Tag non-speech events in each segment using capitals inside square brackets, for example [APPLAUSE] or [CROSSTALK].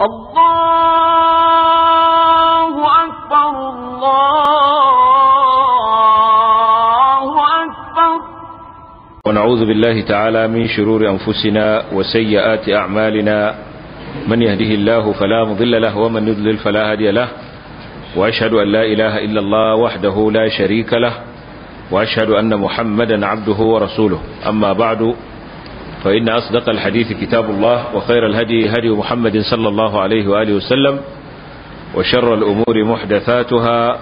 الله أكبر الله أكبر ونعوذ بالله تعالى من شرور أنفسنا وسيئات أعمالنا من يهده الله فلا مضل له ومن يضلل فلا هادي له وأشهد أن لا إله إلا الله وحده لا شريك له وأشهد أن محمدا عبده ورسوله أما بعد فإن أصدق الحديث كتاب الله وخير الهدي هدي محمد صلى الله عليه وآله وسلم وشر الأمور محدثاتها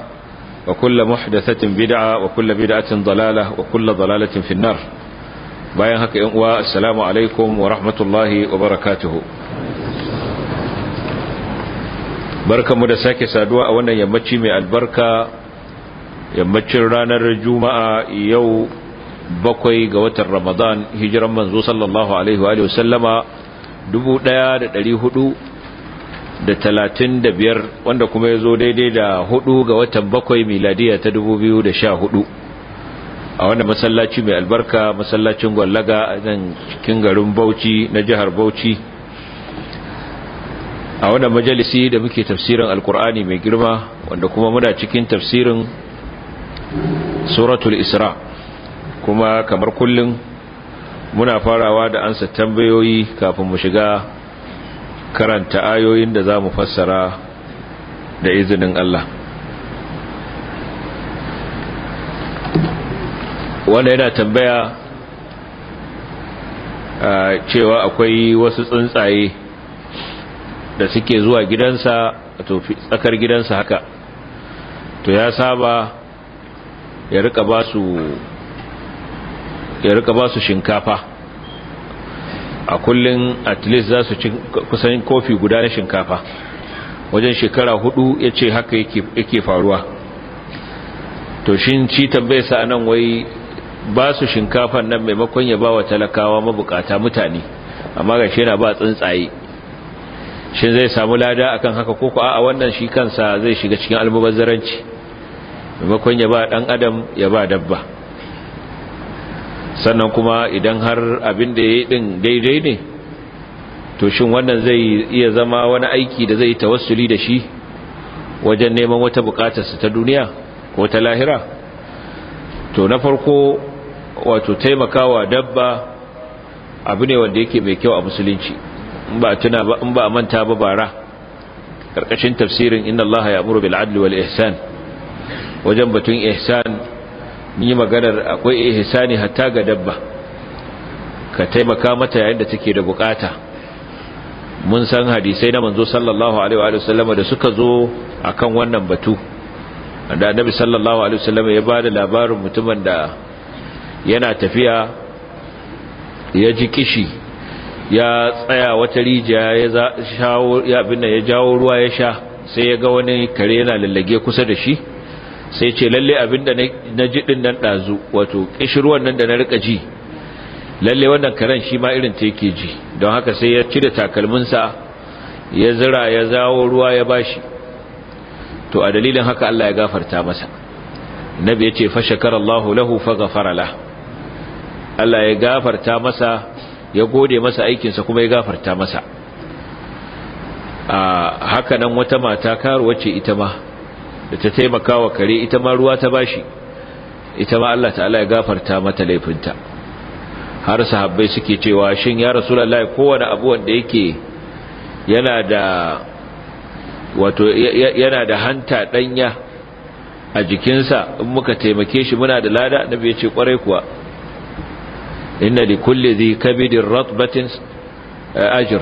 وكل محدثة بدعة وكل بدعة ضلالة وكل ضلالة في النار باين هكا السلام عليكم ورحمة الله وبركاته barka mu da sake saduwa a wannan yammaci mai albarka yammacin ranar juma'a yau bakwai ga watan ramadan hijiran manzo sallallahu alaihi wa sallama biyar wanda kuma ya zo daidai da hudu ga watan bakwai miladiya ta dubu biyu da sha hudu a wanda masallaci mai albarka masallacin gwallaga a nan cikin garin bauchi na jihar bauchi a wanda majalisi da muke tafsirin alkur'ani mai girma wanda kuma muna cikin tafsirin suratul isra' kuma kamar kullum muna farawa da ansa tambayoyi kafin mu shiga karanta ayoyin da za mu fassara da izinin Allah wanda yana tambaya cewa akwai wasu tsuntsaye da suke zuwa gidansa to tsakar gidansa haka to ya saba ya rika ba su ya rika ba su shinkafa a kullum at least za su kusan kofi guda na shinkafa wajen shekara hudu ya ce haka yake faruwa to shi ci tambayar a nan wai ba su shinkafan nan maimakon ya ba wa talakawa mabukata mutane amma ga shi yana ba tsuntsaye shi zai samu lada akan haka ko a wannan shi kansa zai shiga cikin almubazzaranci maimakon ya ba dan adam ya ba dabba sannan kuma idan har abin da ya yi ɗin daidai ne to shin wannan zai iya zama wani aiki da zai tawassuli da shi wajen neman wata su ta duniya ko ta lahira to na farko wato taimakawa dabba abu ne wanda yake mai kyau a musulunci in ba tuna manta ba bara Ƙarƙashin tafsirin inna allaha ya'muru bil adli wal ihsan wajen batun ihsan yi maganar akwai ihsani hatta ga dabba ka taimaka mata yayin da take da bukata mun san hadisai na manzo sallallahu alaihi wa sallam da suka zo akan wannan batu da annabi sallallahu alaihi wa sallam ya bada labarin mutumin da yana tafiya ya ji kishi ya tsaya wata rijiya ya shawo ya binne ya jawo ruwa ya sha sai ya ga wani kare yana lallage kusa da shi sai ce lalle abinda na ji din nan ɗazu wato kishirwan nan da na rika ji lalle wannan karen shi ma irin ta yake ji don haka sai ya cire takalminsa ya zira ya zawo ruwa ya bashi to a dalilin haka Allah ya gafarta masa nabi yace fa Allahu lahu fa ghafara la Allah ya gafarta masa ya gode masa aikinsa kuma ya gafarta masa a haka nan wata mata karuwa ce ita ma da ta taimaka wa kare ita ma ruwa ta bashi ita ma Allah ta'ala ya gafarta mata laifinta har sahabbai suke cewa shin ya rasulullahi kowane abu wanda yake yana da wato yana da hanta danya a jikinsa in muka taimake shi muna da lada nabi ya ce kwarai kuwa inna li kulli dhi kabidin ratbatin eh, ajr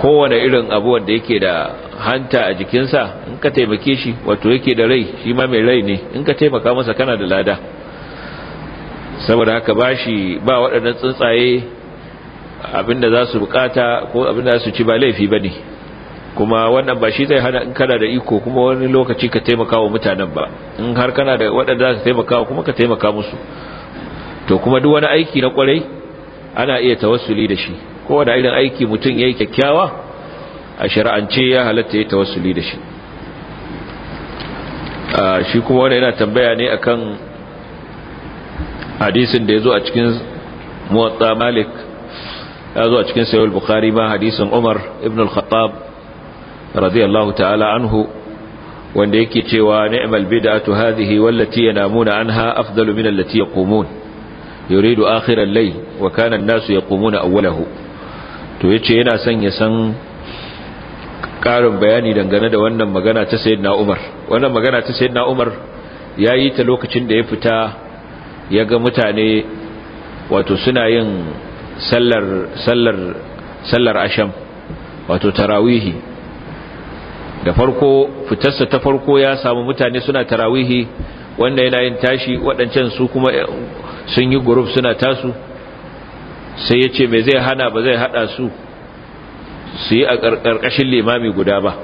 kowane irin abu wanda yake da hanta a jikinsa ka taimake shi wato yake da rai shi ma mai rai ne in ka taimaka masa kana da lada saboda haka ba shi ba waɗannan tsuntsaye abinda za su bukata ko abinda za su ci ba laifi ba ne kuma wannan ba shi zai hana in kana da iko kuma wani lokaci ka taimaka wa mutanen ba in har kana da waɗanda za ka taimaka kuma ka taimaka musu to kuma duk wani aiki na kwarai ana iya tawassuli da shi kowane irin aiki mutum ya yi kyakkyawa a shari'ance ya halatta ya tawassuli da shi Ah, shi kuma wanda yana tambaya ne akan hadisin da ya zo a cikin muwatsa malik ya zo a cikin sayar bukari ma hadisin umar ibn al-khattab radiyallahu ta'ala anhu wanda yake cewa ni'mal bid'atu hadhihi wallati yanamuna anha afdalu min allati yaqumun yuridu akhira al-layl wa kana an-nasu yaqumuna awwalahu to yace yana son ya san ƙarin bayani dangane da wannan magana ta na Umar wannan magana ta na Umar yayi ta lokacin da ya fita ya ga mutane wato suna yin sallar asham wato tarawihi da farko fitarsa ta farko ya samu mutane suna tarawihi wanda yana yin tashi waɗancan su kuma sun yi guruf suna tasu sai ya ce mai zai hana ba zai hada su su yi a ƙarƙashin limami guda ba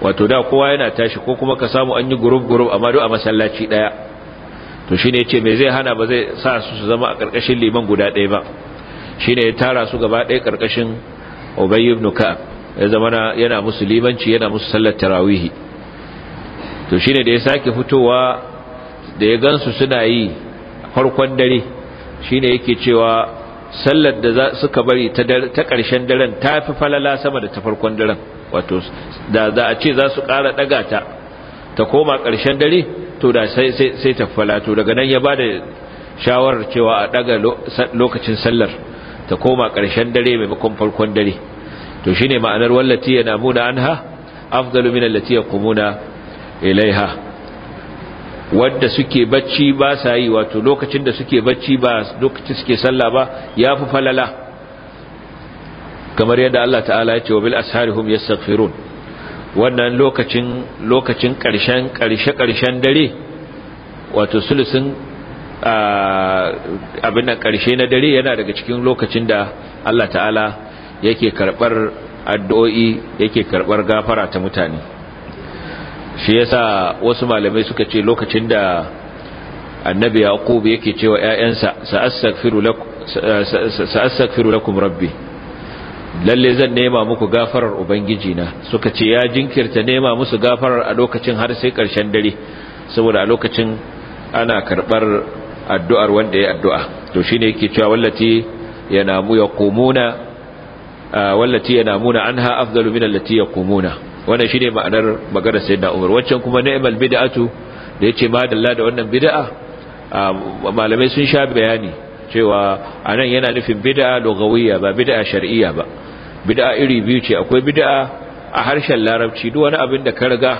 wato da kowa yana tashi ko kuma ka samu an yi gurub-gurub amma duk a masallaci ɗaya to shine yace me zai hana ba zai sa su su zama a ƙarƙashin liman guda ɗaya ba shine ya tara su gaba ɗaya ƙarƙashin Ubay ibn Ka'ab ya zama yana musu limanci yana musu sallar tarawih to shine da ya sake fitowa da ya gansu suna yi farkon dare shine yake cewa sallar da suka bari ta ƙarshen daren ta fi falala sama da ta farkon daren wato da za a ce za su ƙara ɗaga ta ta koma ƙarshen dare to da sai ta fala to daga nan ya ba da shawarar cewa a ɗaga lokacin sallar ta koma ƙarshen dare maimakon farkon dare to shine ma'anar wallati yana muna anha afdalu min allati yaqumuna ilaiha wadda suke bacci ba sa yi wato lokacin da suke bacci ba lokacin suke sallah ba ya fi falala kamar yadda Allah ta'ala ya ce wa bil asharihum yastaghfirun wannan lokacin lokacin karshen karshe-karshen dare wato sulusun abin nan karshe na dare yana daga cikin lokacin da Allah ta'ala yake karɓar addu'o'i yake karɓar gafara ta mutane shi yasa wasu malamai suka ce lokacin da annabi yaqub yake cewa ƴaƴansa sa'astaghfiru lakum sa'astaghfiru lakum rabbi lalle zan nema muku gafarar ubangiji na suka ce ya jinkirta nema musu gafarar a lokacin har sai karshen dare saboda a lokacin ana karbar addu'ar wanda ya addu'a to shine yake cewa wallati yanamu yaqumuna wallati yanamuna anha afdalu min allati yaqumuna wannan shine ma'anar magana sayyidina Umar wancan kuma ni'mal bid'atu da yace ce dalla da wannan bid'a malamai sun sha bayani cewa anan yana nufin bid'a lugawiyya ba bid'a shar'iyya ba bid'a iri biyu ce akwai bid'a a harshen larabci duk wani abin da ka riga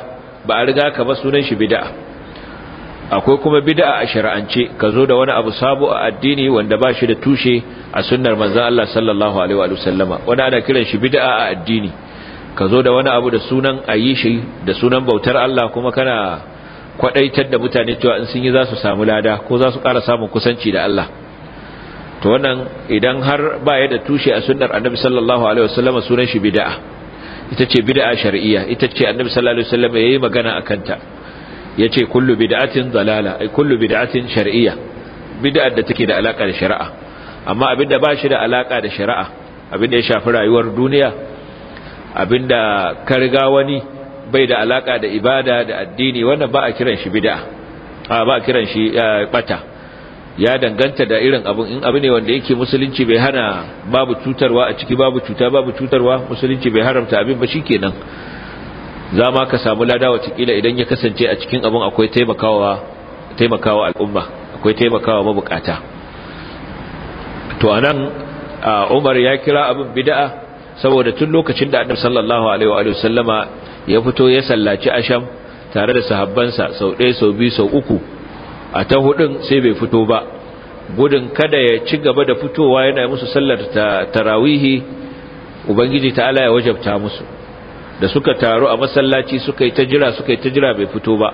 ba a riga ka ba sunan shi bid'a akwai kuma bid'a a shar'ance ka zo da wani abu sabo a addini wanda ba shi da tushe a sunnar manzon Allah sallallahu alaihi wa sallama wanda ana kiran shi bid'a a addini ka zo da wani abu da sunan ayishi da sunan bautar Allah kuma kana kwadaitar da mutane cewa in sun yi za su samu lada ko za su ƙara samun kusanci da Allah to wannan idan har ba ya da tushe a sunnar annabi sallallahu alaihi wasallam sunan shi bid'a ita ce bid'a shar'iyya ita ce annabi sallallahu alaihi wasallam yayi magana akan ta yace kullu bid'atin dalala ai kullu bid'atin shar'iyya bid'a da take da alaka da shari'a amma abinda ba shi da alaka da shari'a abinda ya shafi rayuwar duniya abinda ka riga wani bai da alaka da ibada da addini wannan ba a kiran shi bid'a a ba a kiran shi bata ya danganta da irin abun in abu ne wanda yake musulunci bai hana babu cutarwa a ciki babu cuta babu cutarwa musulunci bai haramta abin ba shikenan za ma ka samu lada watakila idan ya kasance a cikin abun akwai taimakawa taimakawa al'umma akwai taimakawa mabukata to anan umar ya kira abin bid'a saboda tun lokacin da annabi sallallahu alaihi wa sallama ya fito ya sallaci asham tare da sahabbansa sau ɗaya sau biyu sau uku a ta hudun sai bai fito ba gudun kada ya ci gaba da fitowa yana musu sallar ta tarawihi ubangiji ta ta'ala ya wajabta musu da suka taru a masallaci suka yi ta jira suka yi ta jira bai fito ba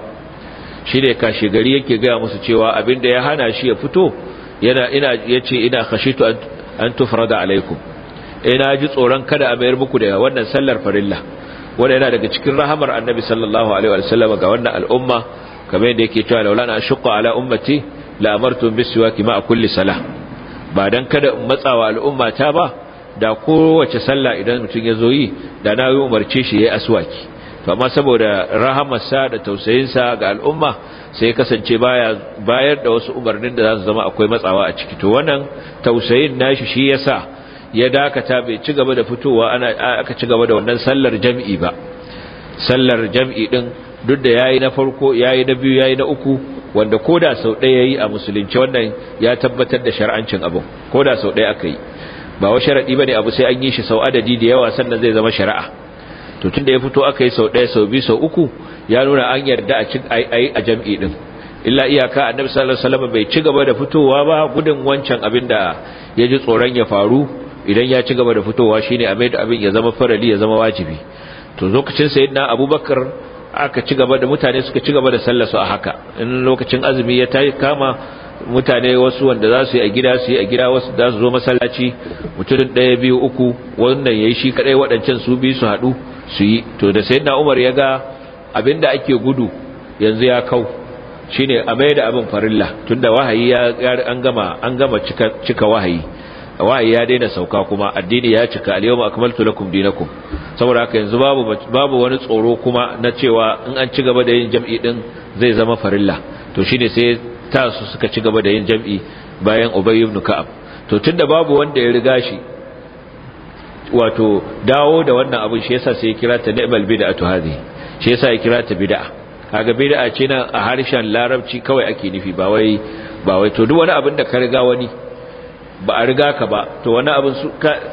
shi ne kashi gari yake gaya musu cewa abinda ya hana shi ya fito yana ina yace ina khashitu an tufrada alaikum ina eh, ji tsoron kada a bayar muku da wannan sallar farilla wanda yana daga cikin rahamar annabi sallallahu alaihi wa sallam ga wannan al'umma kamar yadda yake cewa laula na ashqa ala ummati la amartu bisiwaki ma kulli salah ba dan kada matsawa al'umma ta ba da kowace sallah idan mutum ya zo yi da na yi umarce shi yayi aswaki to amma saboda rahamar sa da tausayin sa ga al'umma sai kasance baya bayar da wasu umarnin da za su zama akwai matsawa a ciki to wannan tausayin nashi shi yasa ya dakata bai ci gaba da fitowa ana aka ci gaba da wannan sallar jam'i ba sallar jam'i din duk da yayi na farko yayi na biyu yayi na uku wanda koda sau ɗaya yayi a musulunci wannan ya tabbatar da shar'ancin abu koda sau ɗaya aka yi ba wa sharadi bane abu sai an yi shi sau adadi da yawa sannan zai zama shari'a to tunda ya fito aka yi sau ɗaya sau biyu sau uku ya nuna an yarda a ai-ai a jam'i din illa iyaka annabi sallallahu alaihi wasallam bai ci gaba da fitowa ba gudun wancan abin da ya ji tsoron ya faru idan ya ci gaba da fitowa shine a mai da abin ya zama farali ya zama wajibi to lokacin na abubakar aka ci gaba da mutane suka ci gaba da sallasu a haka in lokacin azumi ya tayi kama mutane wasu wanda za su yi a gida su yi a gida wasu za su zo masallaci mutum ɗaya biyu uku wannan ya yi shi kaɗai waɗancan su bi su haɗu su yi to da na umar ya ga abin da ake gudu yanzu ya kau shine a mai da abin farilla tunda wahayi ya an gama an gama cika wahayi wa'i ya daina sauka kuma addini ya cika al-yawma akmaltu lakum dinakum saboda haka yanzu babu babu wani tsoro kuma na cewa in an ci gaba da yin jam'i din zai zama farilla to shine sai ta su suka ci gaba da yin jam'i bayan Ubay ibn Ka'ab to tunda babu wanda ya riga shi wato dawo da wannan abin shi yasa sai ya kira ta ni'mal bid'atu hadhi shi yasa ya kira ta bid'a kaga bid'a ce nan a harshen larabci kawai ake nufi ba wai ba wai to duk wani abin da ka riga wani ba a riga ka ba to wani abin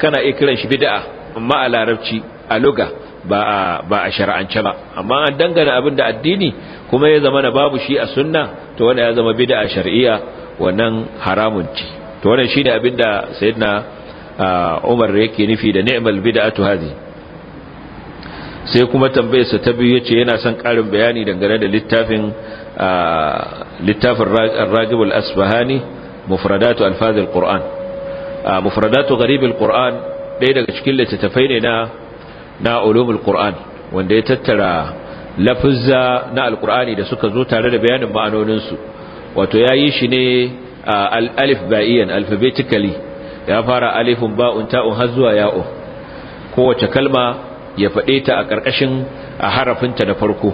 kana iya kiran shi bid'a amma a larabci a luga ba a ba a ba amma an dangana abin da addini kuma ya zama na babu shi a sunna to wani ya zama bid'a shar'iyya wannan haramun ci to wannan shine abin da sayyidina Umar yake nufi da ni'mal bid'atu hazi sai kuma tambayar sa ta biyu yace yana son karin bayani dangane da littafin littafin ragibul asbahani mufradatu alfazil qur'an mufradatu gharibul qur'an ɗaya daga cikin littattafai ne na na ulumul qur'an wanda ya tattara lafuzza na alqur'ani da suka zo tare da bayanin ma'anonin su wato yayi shi ne alif ba'iyan alphabetically ya fara alifun ba'un ta'un har zuwa ya'u kowace kalma ya faɗe ta a ƙarƙashin a harafinta da farko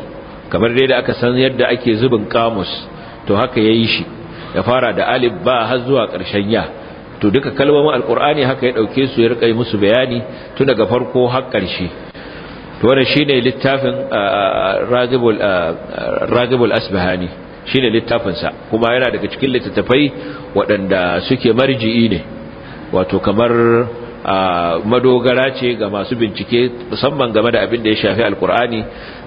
kamar dai da aka san yadda ake zubin kamus to haka yayi shi ya fara da alif ba har zuwa ƙarshen ya to duka kalmomin alkur'ani haka ya dauke su ya rika musu bayani tun daga farko har ƙarshe to wannan shine littafin ragibul ragibul asbahani shine littafin sa kuma yana daga cikin littattafai waɗanda suke marji'i ne wato kamar madogara ce ga masu bincike musamman game da abin da ya shafi alkur'ani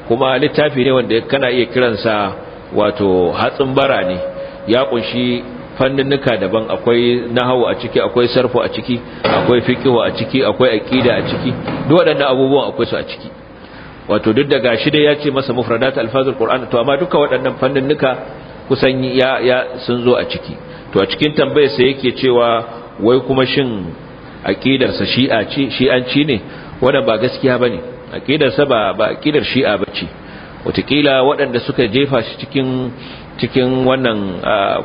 kuma littafi ne wanda kana iya kiransa wato hatsin bara ne ya kunshi fanninnika daban akwai nahawu a ciki akwai sarfu a ciki akwai fiqhu a ciki akwai aqida a ciki duk waɗannan abubuwan akwai su a ciki wato duk da gashi dai ya ce masa mufradat alfazul qur'an to amma duka waɗannan fanninnika kusan ya ya sun zo a ciki to a cikin tambayar sa yake cewa wai kuma shin aqidar sa shi'a ce shi'anci ne wannan ba gaskiya bane aqidar sa ba ba aqidar shi'a bace kila waɗanda suka jefa shi cikin cikin wannan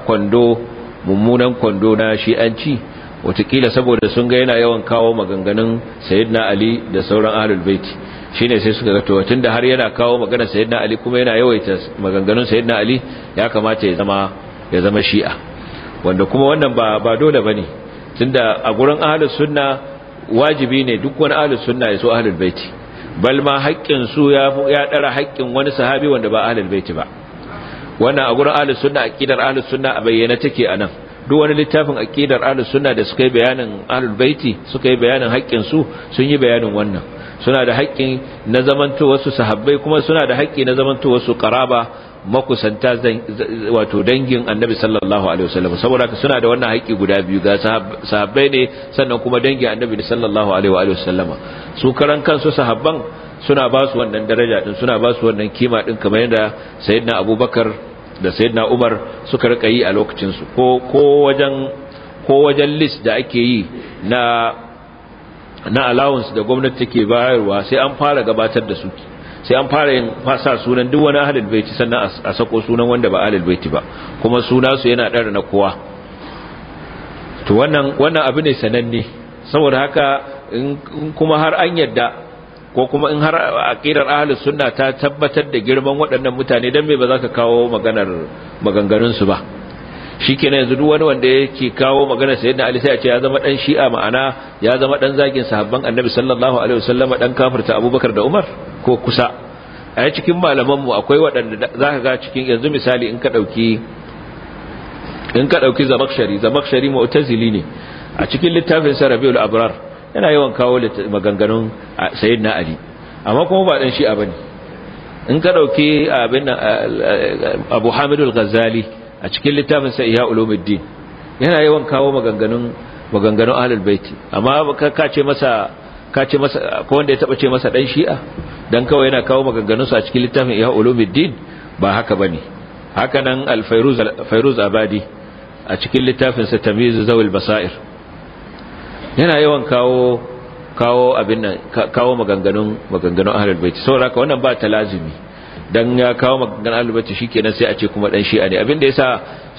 kwando mummunan kwando na shi'anci watakila saboda sun ga yana yawan kawo maganganun sayidina ali da sauran ahlul baiti shine sai suka ga to tunda har yana kawo maganar sayidina ali kuma yana yawaita maganganun sayidina ali ya kamata ya zama ya zama shi'a wanda kuma wannan ba ba dole bane tunda a gurin ahlus sunna wajibi ne duk wani ahlus sunna ya so ahlul baiti bal ma haƙƙin su ya ya dara haƙƙin wani sahabi wanda ba ahlul baiti ba wannan a gurin ahlus sunna aqidar ahlus sunna a bayyana take anan duk wani littafin aqidar ahlus sunna da suka yi bayanin ahlul baiti suka yi bayanin haƙƙin su sun yi bayanin wannan suna da haƙƙi na zamanto wasu sahabbai kuma suna da haƙƙi na zamanto wasu qaraba makusanta wato dangin annabi sallallahu alaihi wasallam saboda haka suna da wannan haƙƙi guda biyu ga sahabbai ne sannan kuma dangin annabi sallallahu alaihi wasallama su karan kansu sahabban suna ba su wannan daraja din suna ba su wannan kima din kamar yadda sayyidina abubakar da sayyidina umar suka rika yi a lokacinsu ko wajen ko list da ake yi na na allowance da gwamnati take bayarwa sai an fara gabatar da su sai an fara yin fasa sunan duk wani ahlul baiti sannan a sako sunan wanda ba ahlul baiti ba kuma suna su yana ɗara na kowa to wannan wannan abu ne sananne saboda haka in kuma har an yadda ko kuma in har aqidar ahli sunna ta tabbatar da girman waɗannan mutane dan me ba za ka kawo maganar maganganun su ba shikenan yanzu duk wani wanda yake kawo magana sayyidina ali sai a ce ya zama dan shi'a ma'ana ya zama dan zagin sahabban annabi sallallahu alaihi wasallam dan kafirta abubakar da umar ko kusa a cikin malaman mu akwai waɗanda za ka ga cikin yanzu misali in ka dauki in ka dauki zamakshari zamakshari mu'tazili ne a cikin littafin sa rabiul abrar yana yawan kawo maganganun na ali amma kuma ba dan shi'a bane in ka dauki abin Abu Hamid al-Ghazali a cikin littafin sa Ihya Ulumuddin yana yawan kawo maganganun maganganun ahlul baiti amma ka ce masa ka ce masa ko wanda ya taba ce masa dan shi'a dan kawai yana kawo maganganun sa a cikin littafin Ihya Ulumuddin ba haka bane haka nan al al-fayruz Abadi a cikin littafin sa Tamyiz Zawil Basair yana yawan kawo kawo abin nan kawo maganganun maganganun ahlul bait saboda wannan ba ta lazimi dan ya kawo maganganun ahlul bait shikenan sai a ce kuma dan shi'a ne abin da yasa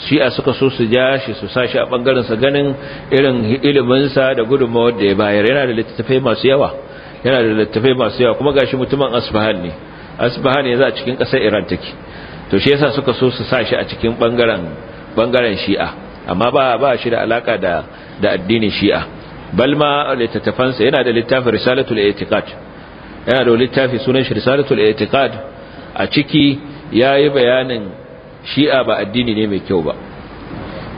shi'a suka so su ja shi su sa a bangaren sa ganin irin ilimin sa da gudunmawar da ya bayar yana da littattafai masu yawa yana da littattafai masu yawa kuma gashi mutumin asbahan ne asbahan za a cikin kasar iran take to shi yasa suka so su sa a cikin bangaren bangaren shi'a amma ba ba shi da alaka da da addinin shi'a balma littattafansa yana da littafin risalatul i'tiqad yana da littafi sunan shi risalatul i'tiqad a ciki yayi bayanin shi'a ba addini ne mai kyau ba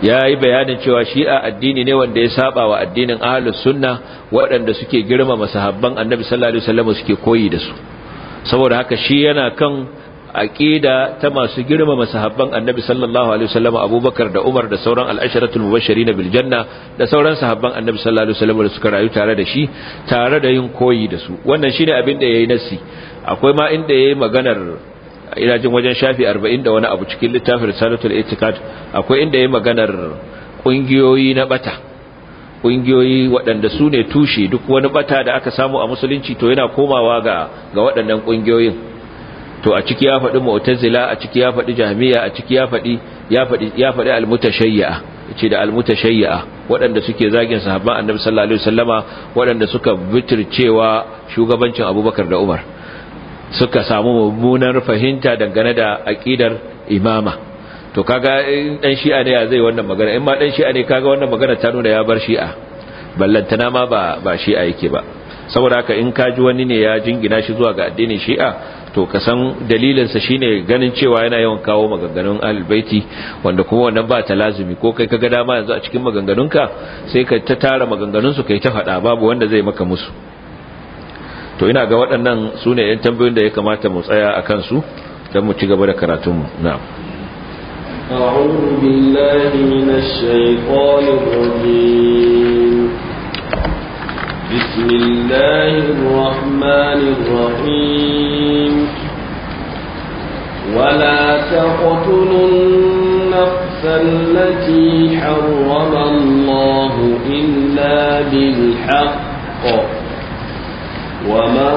yayi bayanin cewa shi'a addini ne wanda ya saba wa addinin ahlus sunna waɗanda suke girmama sahabban annabi sallallahu alaihi wasallam suke koyi da su saboda haka shi yana kan aqida ta masu girmama sahabban annabi sallallahu alaihi wasallam abubakar da umar da sauran al'asharatul mubashirin bil janna da sauran sahabban annabi sallallahu alaihi wasallam da suka rayu tare da shi tare da yin koyi da su wannan shine abin da yayi nasi akwai ma inda yayi maganar ina jin wajen shafi 40 da wani abu cikin littafin risalatul itikad akwai inda yayi maganar kungiyoyi na bata kungiyoyi waɗanda su ne tushe duk wani bata da aka samu a musulunci to yana komawa ga ga waɗannan kungiyoyin to a ciki ya faɗi mu'tazila a ciki ya faɗi jahmiya a ciki ya faɗi ya faɗi ya faɗi al-mutashayyi'a ce da al-mutashayyi'a waɗanda suke zagin sahabban annabi sallallahu alaihi wasallama waɗanda suka bitircewa shugabancin abubakar da umar suka samu mummunar fahimta dangane da aqidar imama to kaga dan shi'a ne ya zai wannan magana in ma dan shi'a ne kaga wannan magana ta nuna ya bar shi'a ballantana ma ba ba shi'a yake ba saboda haka in kaji wani ne ya jingina shi zuwa ga addinin shi'a to kasan dalilinsa shine ganin cewa yana yawan kawo maganganun albaiti wanda kuma wannan ba ta lazumi ko kai kaga dama yanzu a cikin maganganunka sai ka ta tara maganganunsu kai ta faɗa babu wanda zai maka musu to ina ga waɗannan su ne yan tambayoyin da ya kamata mu tsaya a kansu don mu ci gaba da karatunmu na أعوذ بالله من الشيطان الرجيم بسم الله الرحمن الرحيم ولا تقتلوا النفس التي حرم الله إلا بالحق ومن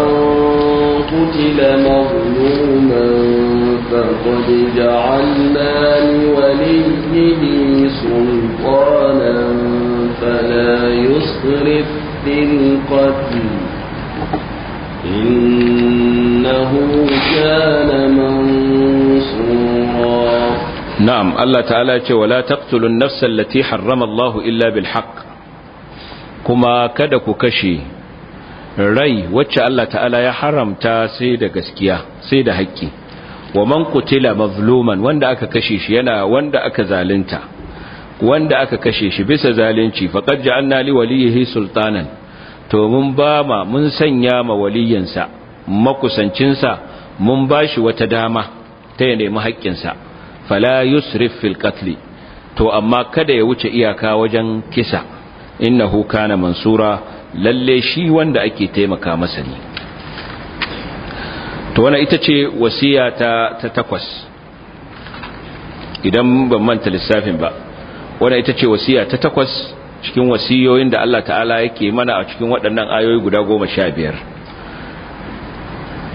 قتل مظلوما فقد جعلنا لوليه سلطانا فلا يسرف Na'am. إنه كان منصورا نعم الله تعالى ولا تقتلوا النفس التي حرم الله إلا بالحق كما كدك كشي rai wacce Allah ta'ala ya haramta sai da gaskiya sai da haƙƙi wa man qutila mazluman wanda aka kashe shi yana wanda aka zalunta wanda aka kashe shi bisa zalunci faqad ja'alna li waliyhi sultanan to mun ba ma mun sanya ma waliyinsa makusancinsa mun bashi wata dama ta ya nemi sa fala yusrif fil qatl to amma kada ya wuce iyaka wajen kisa innahu kana mansura lalle shi wanda ake taimaka masa ne to wannan ita ce wasiya ta takwas idan ban manta lissafin ba wannan ita ce wasiya ta takwas cikin wasiyoyin da Allah ta'ala yake mana a cikin waɗannan ayoyi guda goma sha biyar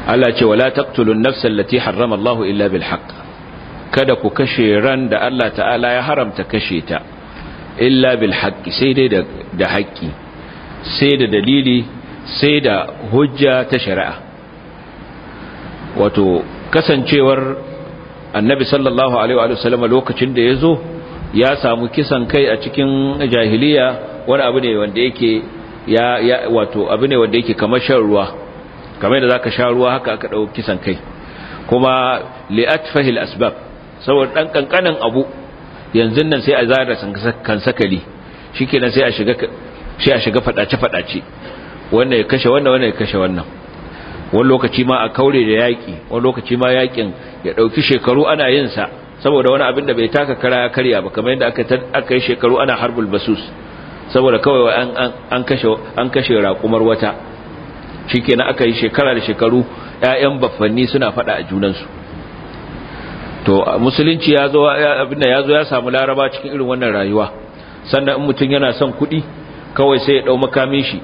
Allah ce wala taqtulun nafsal lati harrama Allah illa bil haqq kada ku kashe ran da Allah ta'ala ya haramta kashe ta illa bil sai dai da haƙƙi sai da dalili sai da hujja ta shari'a wato kasancewar annabi sallallahu alaihi wa sallam lokacin da ya zo ya samu kisan kai a cikin jahiliya wani abu ne wanda yake ya, ya wato abu ne wanda yake kamar shan ruwa kamar da zaka sha ruwa haka aka dau kisan kai kuma atfahil asbab saboda dan kankanin abu yanzu nan sai a zara kan sakali shikenan sai a shiga sai a shiga fadace fadace wannan ya kashe wannan wannan ya kashe wannan wani lokaci ma a kaure da yaki wani lokaci ma yakin ya dauki shekaru ana yin sa saboda wani abin da bai taka kara ya karya ba kamar yadda aka yi shekaru ana harbul basus saboda kawai an kashe raƙumar wata shi aka yi shekara da shekaru ƴaƴan baffanni suna faɗa a junansu to musulunci ya zo ya samu laraba cikin irin wannan rayuwa sannan in mutum yana son kuɗi kawai sai ya dau makamin shi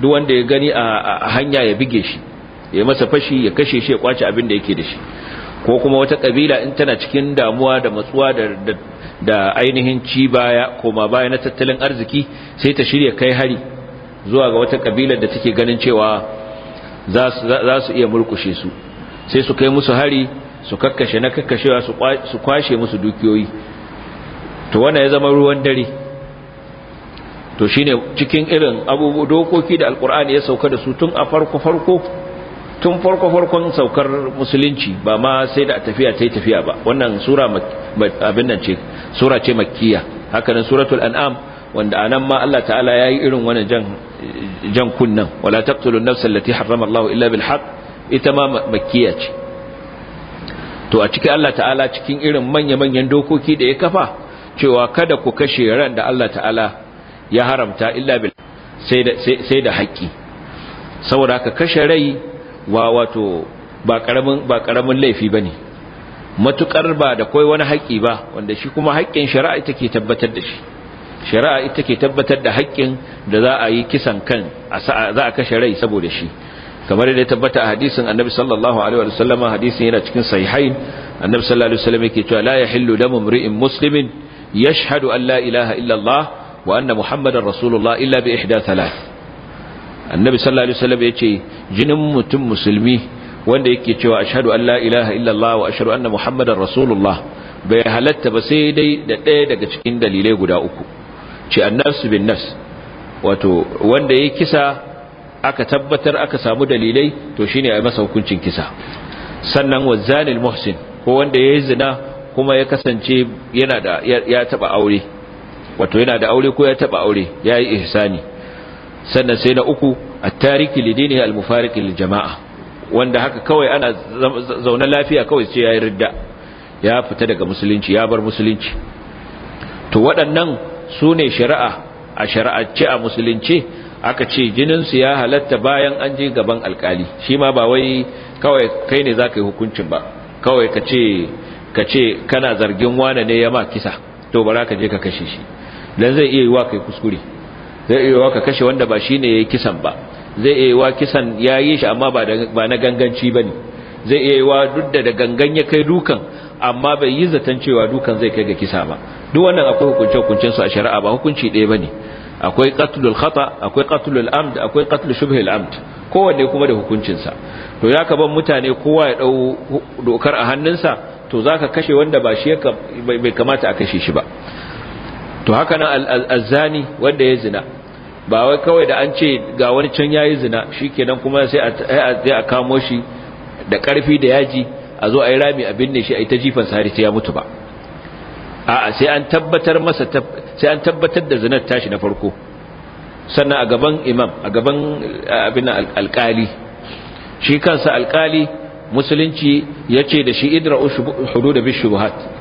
duk wanda ya gani a hanya ya bige shi ya masa fashi ya kashe shi ya kwace abin da yake da shi ko kuma wata kabila in tana cikin damuwa da matsuwa da da ainihin ci baya koma baya na tattalin arziki sai ta shirya kai hari zuwa ga wata kabilar da take ganin cewa za su iya mulkushe su sai su kai musu hari su kakkashe na kakkashewa su kwashe musu dukiyoyi to wannan ya zama ruwan dare to shine cikin irin abubuwa dokoki da alkur'ani ya sauka da su tun a farko farko tun farko farkon saukar musulunci ba ma sai da tafiya ta yi tafiya ba wannan sura abin nan ce sura ce makkiya haka nan suratul an'am wanda anan ma Allah ta'ala yayi irin wannan jan jan kunnan wala taqtulun nafsa allati harrama Allah illa bil haqq ita ma makkiya ce to a cikin Allah ta'ala cikin irin manya-manyan dokoki da ya kafa cewa kada ku kashe ran da Allah ta'ala ya haramta illa bil sai da sai da haƙƙi saboda ka kashe rai wa wato ba karamin ba karamin laifi bane matukar ba da koi wani haƙi ba wanda shi kuma haƙƙin shari'a ita ke tabbatar da shi shari'a ita ke tabbatar da haƙƙin da za a yi kisan kan za a kashe rai saboda shi kamar da ya tabbata a hadisin annabi sallallahu alaihi wa sallama hadisin yana cikin sahihain annabi sallallahu alaihi wa sallam yake cewa la yahillu damu imri'in muslimin yashhadu an la ilaha illa allah wa anna Muhammadun rasulullah illa bi ihda thalath annabi sallallahu alaihi wasallam yace jinin mutum musulmi wanda yake cewa ashhadu an la ilaha illallah wa ashhadu anna muhammadar rasulullah bai halatta ba sai dai da ɗaya daga cikin dalilai guda uku ce annas bin nas wato wanda ya kisa aka tabbatar aka samu dalilai to shine a masa hukuncin kisa sannan wazanil muhsin ko wanda ya zina kuma ya kasance yana da ya taba aure wato yana da aure ko ya taba aure ya yi ihsani sannan sai na uku a tariki lidinihi al-mufariqi jama'a wanda haka kawai ana zaune lafiya kawai sai yayi ridda ya fita daga musulunci ya bar musulunci to waɗannan su ne shari'a a shari'acce a musulunci aka ce jininsu ya halatta bayan an je gaban alkali shi ma ba wai kawai kai ne za ka yi hukuncin ba kawai ka ce kana zargin wane ne ya ma kisa to ba za ka je ka kashe shi dan zai iya yi wa kai kuskure zai iya ka kashe wanda ba shine yayi kisan ba zai iya wa kisan yayi shi amma ba na ganganci bane zai iya wa duk da gangan ya kai dukan amma bai yi zaton cewa dukan zai kai ga kisa ba duk wannan akwai hukunce hukuncen su a shari'a ba hukunci ɗaya bane akwai qatlul khata akwai qatlul amd akwai qatlul shubhil amd kowanne kuma da hukuncin sa to ya ka ban mutane kowa ya dau dokar a hannunsa to zaka kashe wanda ba shi bai kamata a kashe shi ba to haka nan azzani wanda ya zina ba wai kawai da an ce ga wani can ya yi zina shi kenan kuma sai a kamo shi da ƙarfi da yaji a zo a yi rami a binne shi a yi ta jifan sari ta ya mutu ba a sai an tabbatar sai an tabbatar da zinar tashi na farko sannan a gaban imam a gaban abin alƙali shi kansa alƙali musulunci ya ce da shi idra hudu da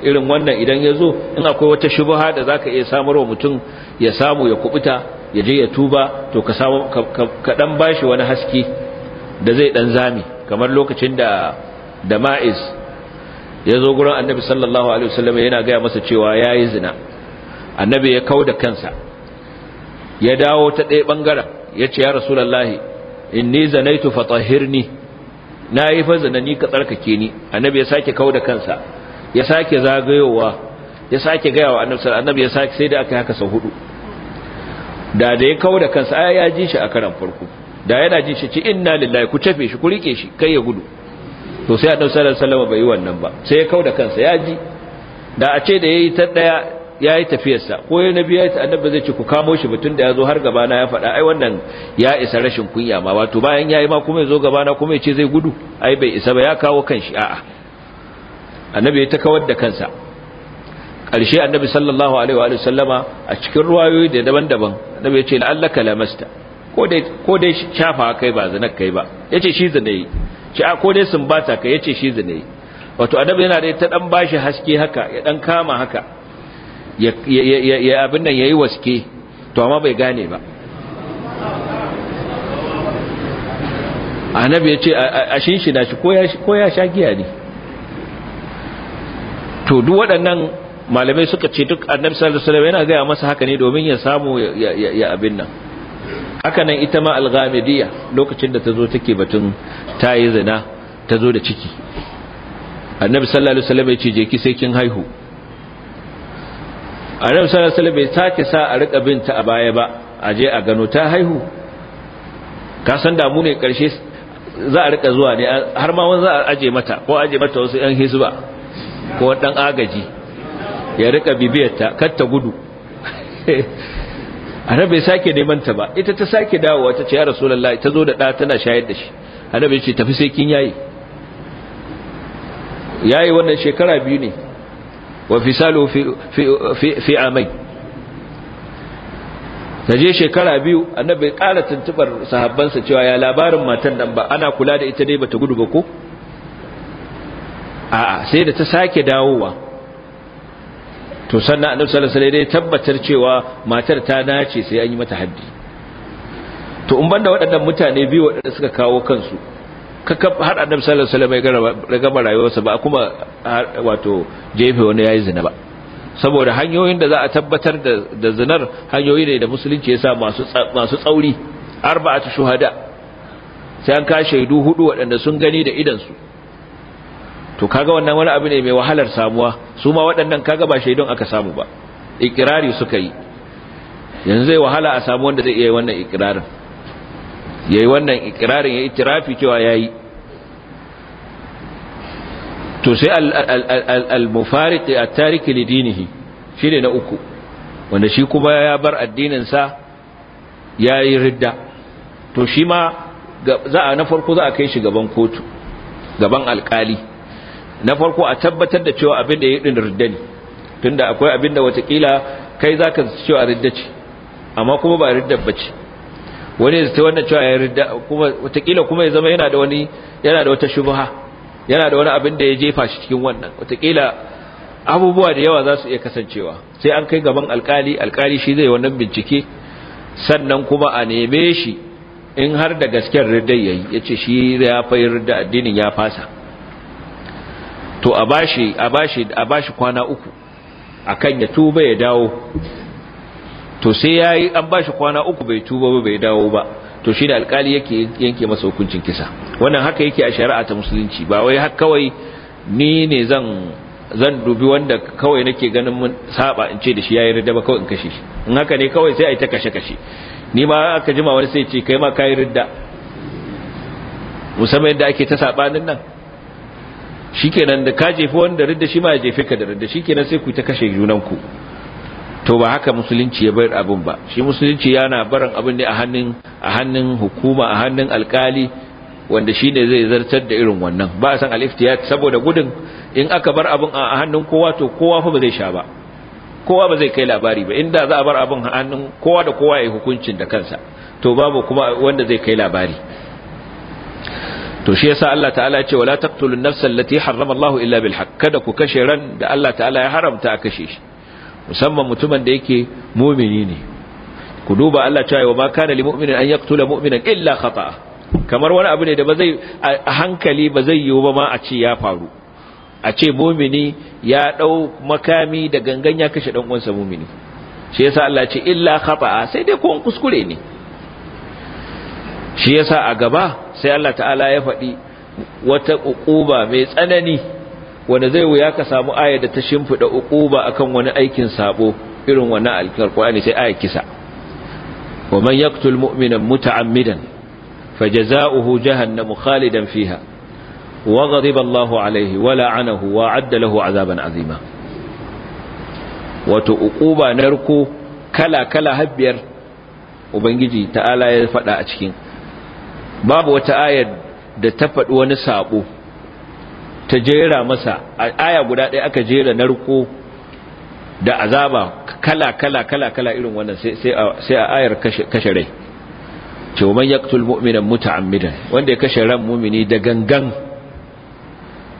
irin wannan idan ya zo in akwai wata shubuha da za ka iya wa mutum ya samu ya kubuta ya je ya tuba to ka samu ka dan bashi wani haske da zai dan zami kamar lokacin da da ma'iz ya zo gurin annabi sallallahu alaihi wasallam yana gaya masa cewa ya yi zina annabi ya kau da kansa ya dawo ta ɗaya ɓangaren ya ce ya rasulullahi inni zanaitu fatahirni na yi fa ni ka tsarkake ni annabi ya sake kawo da kansa ya sake zagayowa ya sake gaya wa annabi annabi ya sake sai da aka haka sau hudu da da ya kawo da kansa ai ya ji shi a karan farko da yana ji shi ci inna lillahi ku tafe shi ku rike shi kai ya gudu to sai annabi sallallahu alaihi wasallam bai yi wannan ba sai ya kawo da kansa ya ji da a ce da yayi ta daya ya yi tafiyarsa ko ya nabi ya yi annabi zai ce ku kamo shi mutum da ya zo har na ya faɗa ai wannan ya isa rashin kunya ma wato bayan ya yi ma kuma ya zo na kuma ya ce zai gudu ai bai isa ba ya kawo kanshi a'a annabi ya ta kawar da kansa ƙarshe annabi sallallahu alaihi wa sallama a cikin ruwayoyi da daban-daban annabi ya ce la'allaka lamasta ko dai ko dai shafa kai ba zanar kai ba yace shi zanayi ce a ko dai sumbata kai yace shi zanayi wato annabi yana da ta dan bashi haske haka ya dan kama haka ya abin nan ya yi waske to amma bai gane ba annabi ya ce a shinshina shi ko ya sha giya ne to duk waɗannan malamai suka ce duk annabi sallallahu alaihi wasallam yana gaya masa haka ne domin ya samu ya abin nan haka nan ita ma al-ghamidiyya lokacin da ta zo take batun ta yi zina ta zo da ciki annabi sallallahu alaihi wasallam ya ce je ki sai kin haihu annabi sallallahu alaihi bai sake sa a rika binta a baya ba a je a gano ta haihu ka san damu ne karshe za a rika zuwa ne har ma wani za a aje mata ko aje mata wasu yan hisba. ko dan agaji ya rika bibiyarta kar ta gudu [LAUGHS] annabi sake neman ta ba ita ta sake dawowa ta ce ya rasulullahi ta zo da ɗa tana shayar da shi annabi ce tafi sai kin yayi yayi wannan shekara biyu ne وفصاله في, في, في, في ta je shekara biyu annabi ya kara tuntubar sahabbansa cewa ya labarin matan nan ba ana kula da ita dai bata gudu ba ko a'a sai da ta sake dawowa to sannan annabi sallallahu alaihi wasallam tabbatar cewa matar ta nace sai an yi mata haddi to in waɗannan mutane biyu waɗanda suka kawo kansu kakab har annabi sallallahu alaihi wasallam ya gama rayuwarsa ba kuma wato jefe wani yayi zina ba saboda hanyoyin da za a tabbatar da zinar hanyoyi ne da musulunci ya sa masu masu tsauri arba'atu shuhada sai an ka shaidu hudu waɗanda sun gani da idan su to kaga wannan wani abu ne mai wahalar samuwa su ma waɗannan kaga ba shaidun aka samu ba ikirari suka yi yanzu zai wahala a samu wanda zai iya wannan ikirarin ya yi wannan ikirarin ya itirafi cewa ya yi to sai al-mufariqi at-tariki lidinihi shi ne na uku wanda shi kuma ya bar addininsa ya yi ridda to shi ma za a na farko za a kai shi gaban kotu gaban alkali na farko a tabbatar da cewa abin da ya din ridda ne tunda akwai abin da watakila kai za zaka cewa ridda ce amma kuma ba ridda ba ce. wani zai wannan cewa ya ridda kuma watakila kuma ya zama yana da wani yana da wata shubha yana da wani abin da ya jefa shi cikin wannan watakila abubuwa da yawa za su iya kasancewa sai an kai gaban alkali alkali shi zai wannan bincike sannan kuma a neme shi in har da gasken ridda yayi yace shi ya fa yarda addinin ya fasa to a bashi a bashi a bashi kwana uku akan ya tuba ya dawo to sai yayi an bashi kwana uku bai tuba ba bai dawo ba to shi da alkali yake yanke masa hukuncin kisa wannan haka yake a shari'a ta musulunci ba wai har kawai ni ne zan zan dubi wanda kawai nake ganin mun saba in ce da shi yayi ridda ba kawai in kashe shi in haka ne kawai sai a yi ta kashe kashe ni ma aka jima wani sai ce kai ma kai ridda musamman yadda ake ta sabanin nan shikenan da ka jefi wanda ridda shi ma ya jefe ka da ridda shikenan sai ku ta kashe junanku ku to ba haka musulunci ya bayar abin ba shi musulunci yana barin abin ne a hannun a hannun hukuma a hannun alkali wanda shi ne zai zartar da irin wannan ba a san aliftiyat saboda gudun in aka bar abin a hannun kowa to kowa fa ba zai sha ba kowa ba zai kai labari ba inda za a bar abin a hannun kowa da kowa ya yi hukuncin da kansa to babu kuma wanda zai kai labari to shi yasa Allah ta'ala ya ce wala taqtulun nafsal lati harrama Allah illa bil haqq kada ku kashe ran da Allah ta'ala ya haramta a kashe shi musamman mutumin da yake mumini ne ku duba Allah cewa yi wa ma kana lil mu'minin an yaqtula mu'minan illa khata'a kamar wani abu ne da ba zai a hankali ba zai yiwu ba ma a ce ya faru a ce mumini ya dau makami da gangan ya kashe dan uwansa mumini shi yasa Allah ce illa khata'a sai dai ko kuskure ne shi yasa a gaba sai Allah ta'ala ya faɗi wata ukuba mai tsanani wanda zai wuya ka samu aya da ta shimfida uquba akan wani aikin sabo irin wannan alkur'ani sai aya kisa wa man yaqtul mu'mina muta'ammidan fajaza'uhu jahannamu khalidan fiha wa ghadiba Allahu alayhi wa la'anahu wa 'adda lahu 'azima wato uquba narko kala kala habbiyar ubangiji ta'ala ya fada a cikin babu wata ayar da ta faɗi wani sabo ta jera masa a aya guda ɗaya aka jera narko da azaba kala kala kala kala irin wannan sai a ayar kashe rai ce wa manyan tul mu'minan muta'ammidan wanda ya kashe ran mu'mini da gangan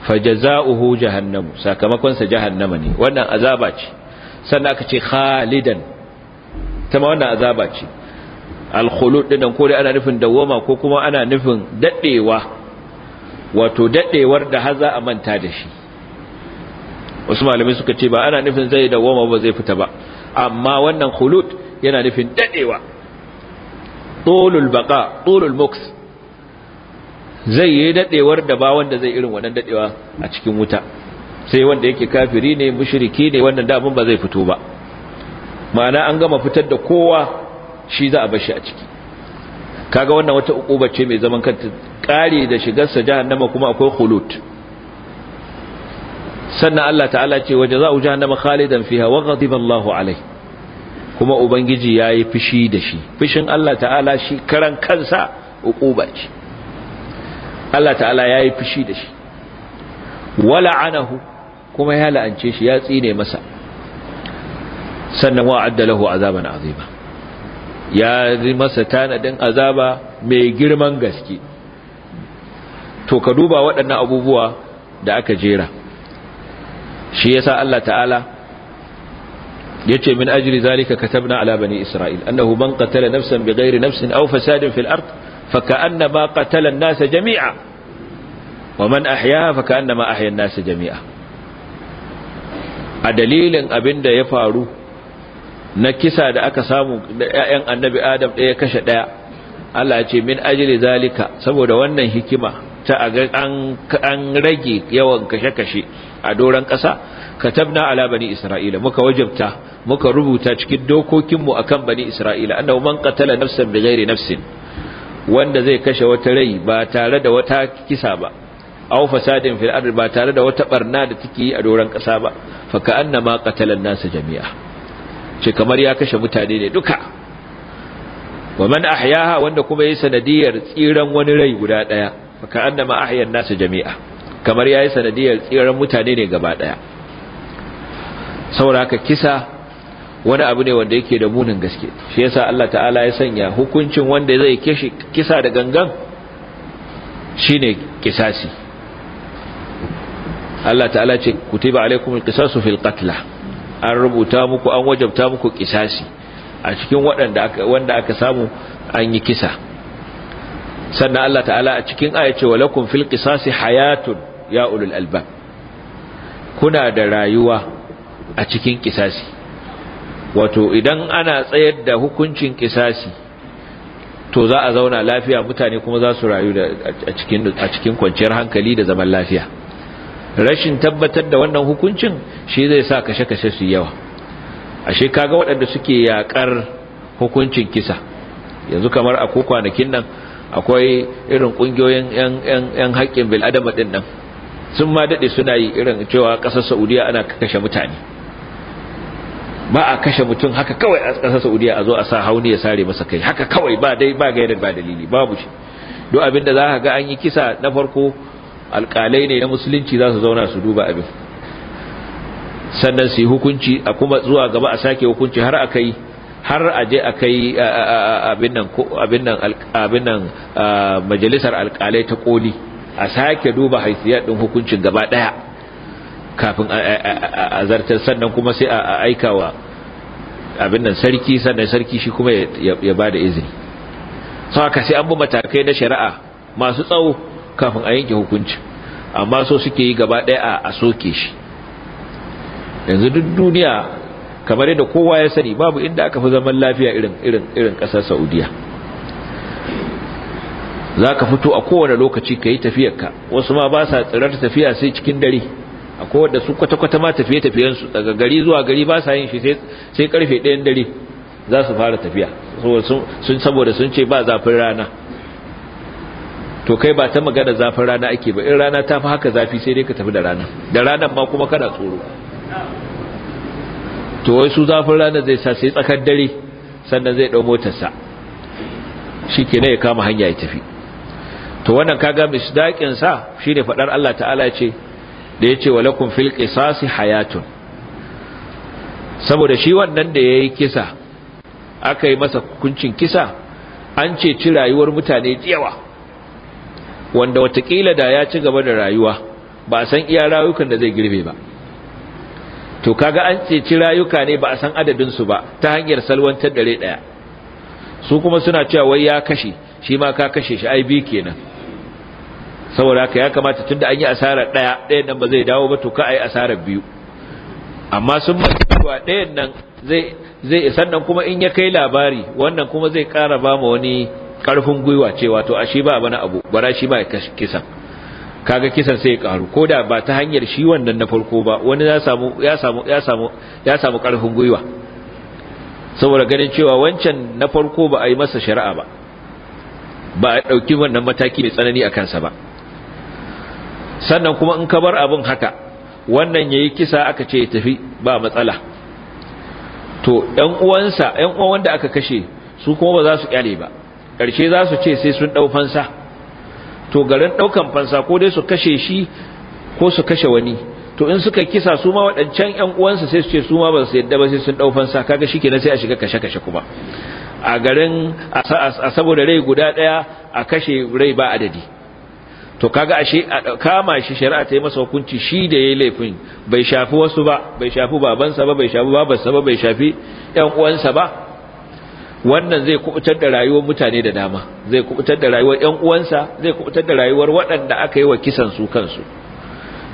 fajaza'uhu jahannamu sakamakon sa jahannama ne wannan azaba ce sannan aka ce khalidan tama wannan azaba ce alkhulud dinan ko dai ana nufin dawwama ko kuma ana nufin daddewa wato daɗewar da haza a manta da shi wasu malamai suka ce ba ana nufin zai da goma ba zai fita ba amma wannan khulud yana nufin dadewa tulul baqa tulul muks zai yi dadewar da ba wanda zai irin wannan dadewa a cikin wuta sai wanda yake kafiri ne mushriki ne wannan da abun ba zai fito ba ma'ana an gama fitar da kowa shi za a bar shi a ciki kaga wannan wata ukuba ce mai zaman kanta kare da shigarsa jahannama kuma akwai khulud sannan Allah ta'ala ce waje za'u jahannama khalidan fiha wa ghadiba Allahu alai kuma ubangiji yayi fishi da shi fishin Allah ta'ala shi karan kansa ukuba ce Allah ta'ala yayi fishi da shi wala'anahu kuma ya la'ance shi ya tsine masa sannan wa'adda lahu azaban azima ya yi masa tanadin azaba mai girman gaske to ka duba waɗannan abubuwa da aka jera shi yasa Allah ta'ala yace min ajli zalika katabna ala bani isra'il annahu man qatala nafsan bighairi nafsin aw fasadin fil ard faka'annama qatala an-nasa jami'a wa man ahyaha faka'annama ahya an-nasa jami'a a dalilin abinda ya faru na kisa da aka samu da ƴaƴan annabi adam ɗaya kashe ɗaya Allah ya ce min ajli zalika saboda wannan hikima ta an an rage yawan kashe-kashe a doran ƙasa katabna ala bani isra'ila muka wajabta muka rubuta cikin dokokinmu akan bani isra'ila annahu man qatala nafsan bighairi nafsin wanda zai kashe wata rai ba tare da wata kisa ba aw fasadin fil ard ba tare da wata barna da take yi a doran ƙasa ba fa ka'annama qatala an nasa jami'a ce kamar ya kashe mutane ne duka wa man ahyaha wanda kuma yayi sanadiyar tsiran wani rai guda daya faka annama ahyan nasu jami'a kamar yayi sanadiyar tsiran mutane ne gaba daya saboda haka kisa wani abu ne wanda yake da munin gaske shi yasa Allah ta'ala ya sanya hukuncin wanda zai kishi kisa da gangan shine kisasi Allah ta'ala ce kutiba alaikumul qisasu fil qatla an rubuta muku an wajabta muku kisasi a cikin waɗanda wanda aka samu an yi kisa sannan Allah ta'ala a cikin aya ce walakum fil qisasi hayatun ya ulul albab kuna da rayuwa a cikin kisasi wato idan ana tsayar da hukuncin kisasi to za a zauna lafiya mutane kuma za su rayu a cikin kwanciyar hankali da zaman lafiya rashin tabbatar da wannan hukuncin shi zai sa kashe-kashe su yawa ashe kaga waɗanda suke yaƙar hukuncin kisa yanzu kamar a kwanakin nan akwai irin ƙungiyoyin 'yan haƙƙin bil'adama ɗin nan sun ma daɗe suna yi irin cewa ƙasar saudiya ana kashe mutane ba a kashe mutum haka kawai a ƙasar saudiya a zo a sa hauni ya sare masa kai haka kawai ba dai ba gairar ba dalili babu shi duk abinda za ka ga an yi kisa na farko alƙalai ne na musulunci za su zauna su duba abin sannan su yi hukunci a kuma zuwa gaba a sake hukunci har a kai har a je a kai abin nan majalisar alƙalai ta ƙoli a sake duba haifiyar ɗin hukuncin gaba ɗaya kafin a zartar sannan kuma sai a aika wa abin nan sarki sannan sarki shi kuma ya ba da izini sau haka sai an bi matakai na shari'a masu tsawo kafin a yanke hukunci amma so suke yi gaba ɗaya a soke shi yanzu duk duniya kamar yadda kowa ya sani babu inda aka fi zaman lafiya irin irin irin ƙasar saudiya za ka fito a kowane lokaci ka yi tafiyarka wasu ma ba sa tsirar tafiya sai cikin dare a wadda su kwata-kwata ma tafiye-tafiyensu daga gari zuwa gari ba sa yin shi sai karfe ɗayan dare za su fara tafiya saboda sun ce ba zafin rana to kai ba ta magana zafin rana ake ba in rana ta fi haka zafi sai dai ka tafi da rana da rana ma kuma kana tsoro to wai su zafin rana zai sa sai tsakar dare sannan zai ɗau motarsa shi ke ya kama hanya ya tafi to wannan kaga sa shi ne faɗar Allah ta'ala ce da ya ce wa lakun fil ƙisasi hayatun saboda shi wannan da ya yi kisa aka yi masa hukuncin kisa an ce ci rayuwar mutane jiyawa. wanda watakila da ya ci gaba da rayuwa ba a san iya rayukan da zai girbe ba to kaga an ceci rayuka ne ba a san adadinsu ba ta hanyar salwantar dare daya su kuma suna cewa wai ya kashe shi ma ka kashe shi ai bi kenan saboda haka ya kamata tunda an yi asarar ɗaya ɗayan nan ba zai dawo ba to ka a yi asarar biyu amma sun ba cewa ɗayan nan zai zai sannan kuma in ya kai labari wannan kuma zai ƙara ba wani karfin gwiwa cewa to ashe ba bana abu bara shi ba ya kisan kaga kisan sai ya karu ko da ba ta hanyar shi wannan na farko ba wani ya samu ya samu ya samu ya samu karfin gwiwa saboda ganin cewa wancan na farko ba a yi masa shari'a ba ba a ɗauki wannan mataki mai tsanani a kansa ba sannan kuma in ka bar abin haka wannan yayi kisa aka ce ya tafi ba matsala to ɗan uwansa ɗan uwan wanda aka kashe su kuma ba za su kyale ba karshe za su ce sai sun ɗau fansa to garin ɗaukan fansa ko dai su kashe shi ko su kashe wani to in suka kisa su ma waɗancan ƴan uwansa sai su ce su ma ba su yadda ba sai sun ɗau fansa kaga shi na sai a shiga kashe-kashe kuma a garin a saboda rai guda ɗaya a kashe rai ba adadi to kaga ashe kama shi shari'a ta yi masa hukunci shi da yayi laifin bai shafi wasu ba bai shafi babansa ba bai shafi babarsa ba bai shafi ƴan uwansa ba wannan zai kubutar da rayuwar mutane da dama zai kubutar da rayuwar ƴan uwansa zai kubutar da rayuwar waɗanda aka yi wa kisan su kansu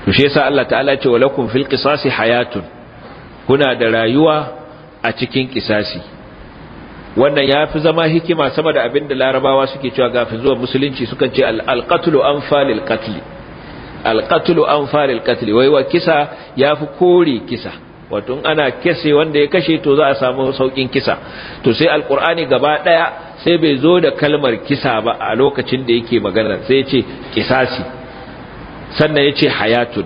to shi yasa Allah ta'ala ya ce wa fil qisasi hayatun kuna da rayuwa a cikin kisasi wannan ya fi zama hikima sama da abin da larabawa suke cewa gafin zuwa musulunci sukan ce al an falil ƙatli al an falil qatl wai wa kisa ya fi kore kisa wato in ana kese wanda ya kashe to za a samu saukin kisa to sai alkur'ani gaba daya sai bai zo da kalmar kisa ba a lokacin da yake magana sai ya ce kisasi sannan ya ce hayatun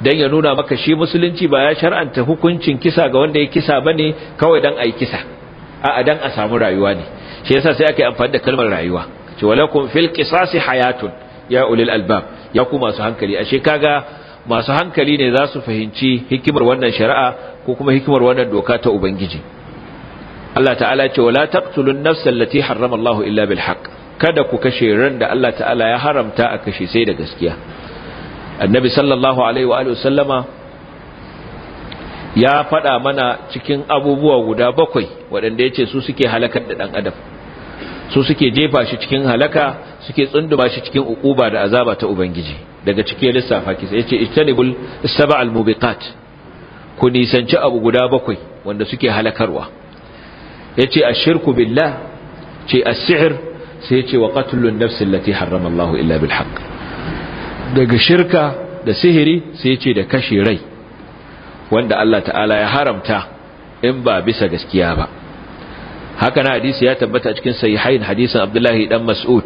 dan ya nuna maka shi musulunci ba ya shar'anta hukuncin kisa ga wanda ya kisa bane kawai dan ai kisa a'a dan a samu rayuwa ne shi yasa sai aka yi amfani da kalmar rayuwa ce walakum fil qisasi hayatun ya ulil albab ya ku masu hankali ashe kaga masu hankali ne za su fahimci hikimar wannan shari'a ko kuma hikimar wannan doka ta ubangiji Allah ta'ala ce wala taqtulun nafsal lati harrama Allahu illa bil haqq kada ku kashe ran da Allah ta'ala ya haramta a kashe sai da gaskiya annabi sallallahu alaihi wa alihi sallama ya faɗa mana cikin abubuwa guda bakwai waɗanda ya ce su suke halakar da ɗan adam su suke jefa shi cikin halaka suke tsunduma shi cikin uquba da azaba ta ubangiji daga cikin lissafa kisa yace istanibul sab'al mubiqat ku nisanci abu guda bakwai wanda suke halakarwa yace ashirku billah ce a sihir sai yace wa qatlun nafs allati Allahu illa bil daga shirka da sihiri sai da kashe rai wanda Allah ta'ala ya haramta in ba bisa gaskiya ba haka na hadisi ya tabbata cikin sahihain hadisin Abdullahi dan Mas'ud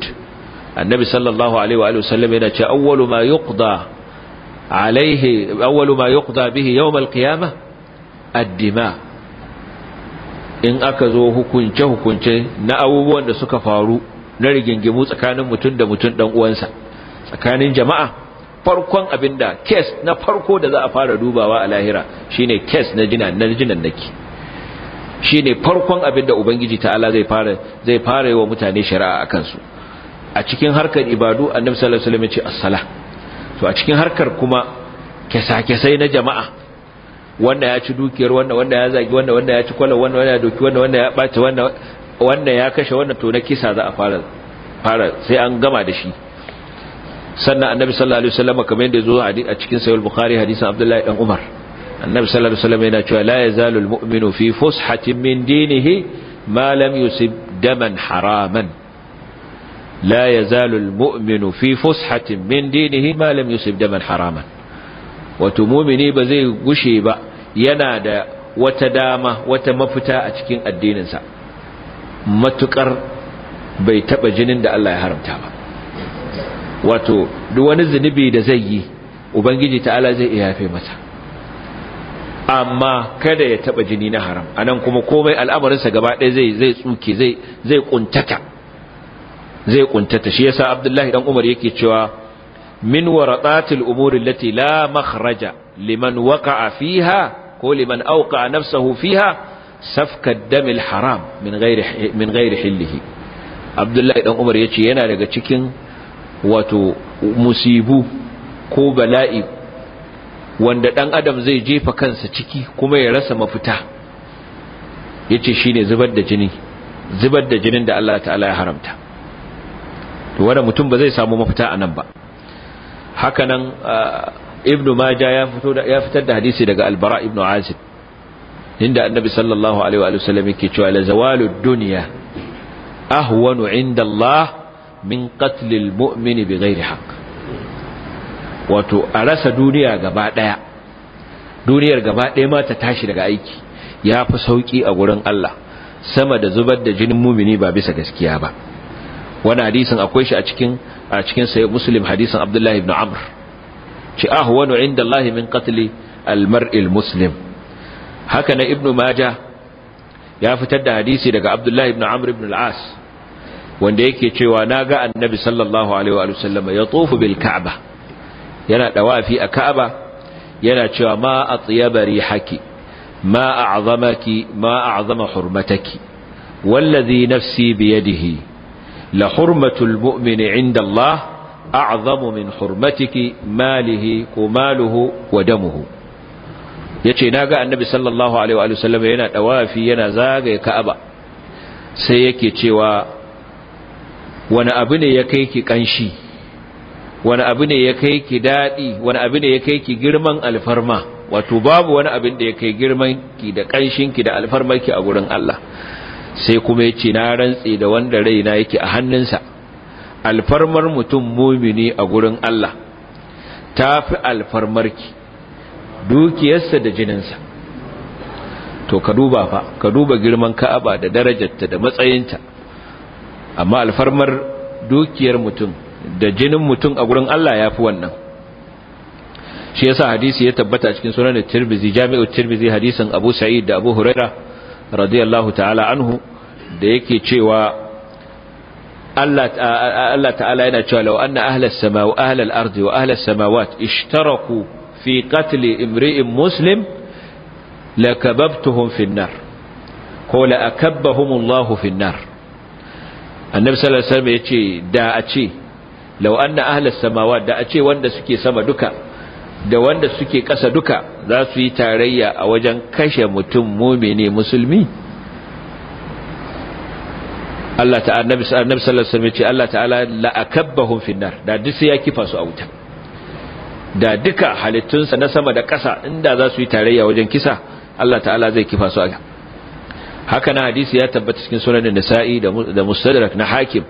annabi sallallahu alaihi wa sallam yana ce awwalu ma alaihi awwalu ma yuqda bihi yawm alqiyamah ad in aka zo hukunce hukunce na abubuwan da suka faru na rigingimu tsakanin mutum da mutum dan uwansa tsakanin jama'a farkon abinda case na farko da za a fara dubawa a lahira shine case na jinan na jinan nake shine farkon ubangiji ta'ala zai fara zai fara yi wa mutane shari'a a kansu. a cikin harkar ibadu annabi sallallahu alaihi wasallam ya ce as-sala to a cikin harkar kuma kesa-kesai na jama'a wanda ya ci dukiyar wanda wanda ya zagi wanda wanda ya ci kwalar wanda wanda ya doki wanda wanda ya ɓace wanda wanda ya kashe wanda to na kisa za a fara fara sai an gama da shi sannan annabi sallallahu alaihi wasallam kamar yadda zo a cikin sahih bukhari hadisin abdullahi dan umar annabi sallallahu alaihi wasallam yana cewa la yazalu almu'minu fi fushatin min dinihi ma lam yusib daman haraman la yazalu almu'minu fi fushatin min dinihi ma lam yusib daman haraman wato mu'mini ba zai gushe ba yana da wata dama wata mafita a cikin addininsa Matuƙar bai taba jinin da Allah ya haramta ba wato duk wani zunubi da zai yi ubangiji ta'ala zai iya haife masa amma kada ya taba jini na haram anan kuma komai al'amarinsa gaba ɗaya zai zai zai zai zai kuntata shi yasa abdullahi dan umar yake cewa min waratatil umuri lati la makhraja liman waqa'a fiha ko liman awqa'a nafsahu fiha safka damil haram min ghairi min ghairi hillihi abdullahi dan umar yace yana daga cikin wato musibu ko bala'i wanda dan adam zai jefa kansa ciki kuma ya rasa mafita yace shine zubar da jini zubar da jinin da Allah ta'ala ya haramta to wanda mutum ba zai samu mafita a nan ba hakanan Ibn maja ya fito ya fitar da hadisi daga albara Ibn azib inda annabi sallallahu alaihi wa sallam yake cewa la zawalu dunya ahwanu inda Allah min qatl bi ghairi haqq wato a rasa duniya gaba daya duniyar gaba daya ma ta tashi daga aiki ya fi sauki a gurin Allah sama da zubar da jinin mumini ba bisa gaskiya ba wani hadisin akwai shi a cikin a cikin muslim hadisin abdullahi ibn amr ce ahwanu inda min qatli almar'i almuslim haka na ibn maja ya fitar da hadisi daga abdullahi ibn amr ibn al-as wanda yake cewa naga annabi sallallahu alaihi wa sallam ya tufu bil ka'ba yana dawafi a ka'aba yana cewa ma atyaba rihaki ma a'zamaki ma a'zama hurmataki wallazi nafsi biyadihi la hurmatul mu'mini inda Allah a'zamu min hurmatiki malihi ko maluhu wa damuhu yace naga annabi sallallahu alaihi wa sallam yana dawafi yana zagaye ka'aba sai yake cewa wani abu ne ya kai ki kanshi wani abu ne ya kai ki dadi wani abu ne ya kai ki girman alfarma wato babu wani abin da ya kai girman ki da kanshin ki da ki a gurin Allah sai kuma ya ce na rantse da wanda raina yake a hannunsa alfarmar mutum mumini a gurin Allah tafi alfarmarki dukiyarsa da jininsa to ka duba fa ka duba girman Ka'aba da darajarta da matsayinta amma alfarmar dukiyar mutum da jinin mutum a gurin Allah yafi wannan shi yasa hadisi ya tabbata cikin sunan Tirmidhi Jami'u Tirmidhi hadisin Abu Sa'id da Abu Hurairah radiyallahu ta'ala anhu da yake cewa Allah ta'ala yana cewa law anna ahlas samawa ahlal ardi wa ahlas samawat ishtaraku fi qatli imri'in muslim lakababtuhum fi an-nar ko la akabbahum Allah fi an-nar annabi sallallahu alaihi wasallam yace da a ce law anna ahlas samawat da a ce wanda suke sama duka da wanda suke ƙasa duka za su yi tarayya a wajen kashe mutum mumini musulmi Allah ta'ala annabi sallallahu alaihi wasallam ce Allah ta'ala la'akabbahum finnar da duk sai ya kifa su a wuta da duka halittunsa na sama da ƙasa inda za su yi tarayya wajen kisa Allah ta'ala zai kifa su a haka na hadisi ya tabbata cikin sunan nisa'i da mustadrak na hakim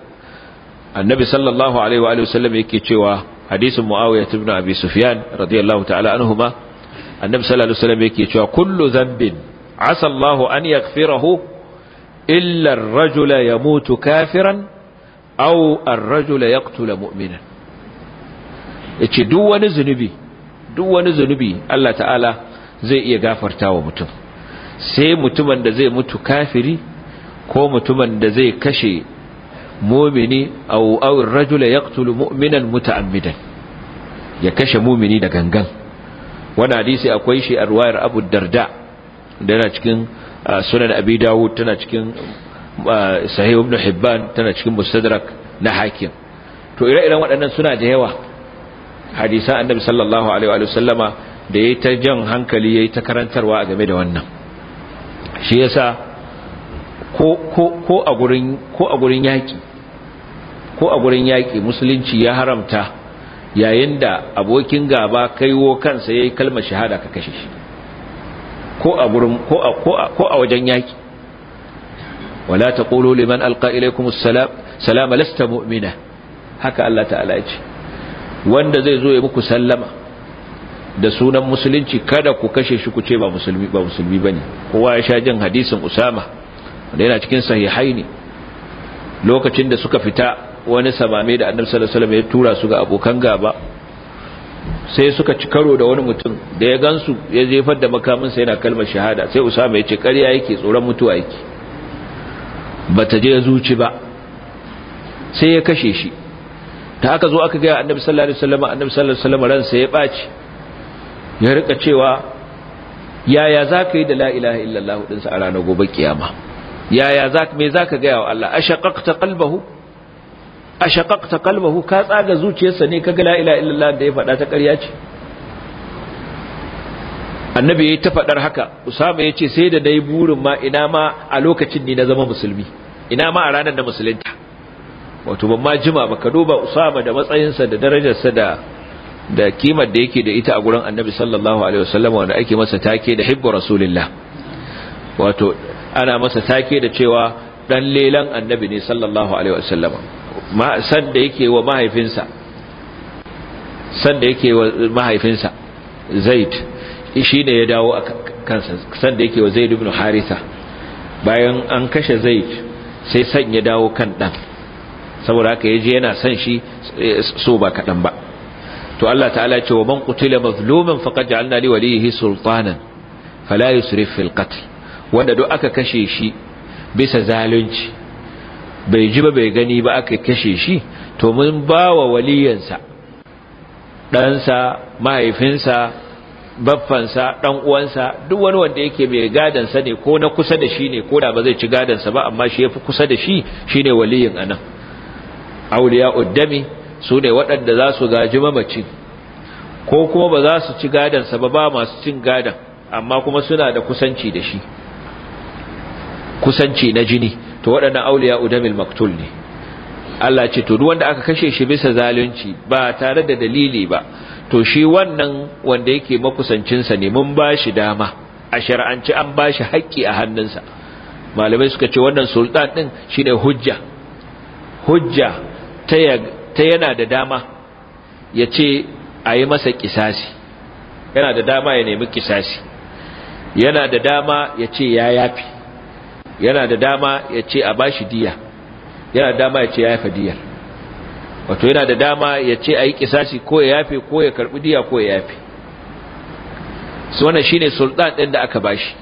annabi sallallahu alaihi wa alihi wasallam yake cewa hadisin muawiya Abisufyan abi sufyan radiyallahu ta'ala anhuma annabi sallallahu alaihi wasallam yake cewa kullu dhanbin asa Allah an yaghfirahu illa ar ya mutu kafiran aw ar-rajula yaqtulu mu'mina yace duk wani zunubi duk wani zunubi Allah ta'ala zai iya gafarta wa mutum sai mutumin da zai mutu kafiri ko mutumin da zai kashe mumini aw aw ar-rajula yaqtulu mu'minan muta'ammidan ya kashe mumini da gangan wannan hadisi akwai shi a ruwayar Abu Darda yana cikin sunan Abi Dawud tana cikin sahih Ibn Hibban tana cikin Mustadrak na Hakim to ire-iren waɗannan suna da yawa hadisan Annabi sallallahu alaihi wa sallama da yayi ta jan hankali yayi ta karantarwa game da wannan shi yasa ko a gurin yaki. ko a gurin yaƙi musulunci ya haramta yayin da abokin gaba kaiwo kansa ya yi kalmar shahada ka kashe shi ko a gurin wajen yaƙi wala taqulu liman alqa ilaykum assalam salama lasta mu'mina haka Allah ta'ala ya ce wanda zai zo ya muku sallama da sunan musulunci kada ku kashe shi ku ce ba musulmi ba musulmi bane kowa ya sha jin hadisin Usama wanda yana cikin sahihaini lokacin da suka fita wani samame da annabi sallallahu alaihi wasallam ya tura su ga abokan gaba sai suka ci karo da wani mutum da ya gansu ya jefar da makaminsa yana kalmar shahada sai usama ya ce ƙarya yake tsoron mutuwa yake bata je zuci ba sai ya kashe shi ta aka zo aka gaya annabi sallallahu alaihi wasallam annabi sallallahu alaihi wasallam ransa ya baci ya rika cewa yaya zaka yi da la ilaha illallah din sa a ranar gobe kiyama yaya zaka me zaka gaya wa Allah ashaqaqta qalbahu a shaqaqta kalmahu ka tsaga zuciyarsa ne kaga la illallah da ya faɗa ta ƙarya ce annabi yayi ta faɗar haka usama ya ce sai da dai burin ma ina ma a lokacin ne na zama musulmi ina ma a ranar da musulunta wato ban ma jima ba ka duba usama da matsayinsa da darajarsa da da kimar da yake da ita a gurin annabi sallallahu alaihi wasallam wanda ake masa take da hibbu rasulillah wato ana masa take da cewa dan lelan annabi ne sallallahu alaihi sadda yake wa mahaifinsa sadda yake wa mahaifinsa zaid shi ne ya dawo a kansa sadda yake wa zaid ibn harisa bayan an kashe zaid sai san ya dawo kan dan saboda haka yaje yana san shi so ba kadan ba to Allah ta'ala ya ce wa man qutila mazluman faqad ja'alna li walihi sultanan fala yusrif fil qatl wanda duk aka kashe shi bisa zalunci bai ji ba bai gani ba aka kashe shi to mun ba wa waliyansa ɗansa mahaifinsa baffansa ɗan uwansa duk wani wanda yake mai gadansa ne ko na kusa da shi ne ko da ba zai ci gadansa ba amma shi ya fi kusa da shi shi ne waliyin anan auliya uddami su ne waɗanda za su gaji mamaci ko kuma ba za su ci gadansa ba ba masu cin gadan amma kuma suna da kusanci da shi kusanci na jini to waɗannan auliya udamil maktul ne Allah ce to duk wanda aka kashe shi bisa zalunci ba tare da dalili ba to shi wannan wanda yake makusancinsa ne mun ba shi dama a shar'anci an ba shi haƙƙi a hannunsa malamai suka ce wannan sultan ɗin shi ne hujja hujja ta yana da dama ya ce a yi masa kisasi yana da dama ya nemi kisasi yana da dama ya ce ya yafi yana da dama ya ce a bashi diya yana da dama ya ce ya haifa diyar wato yana da dama ya ce a yi kisasi ko ya yafe ko ya karbi diya ko ya yafe su wannan shine sultan ɗin da aka bashi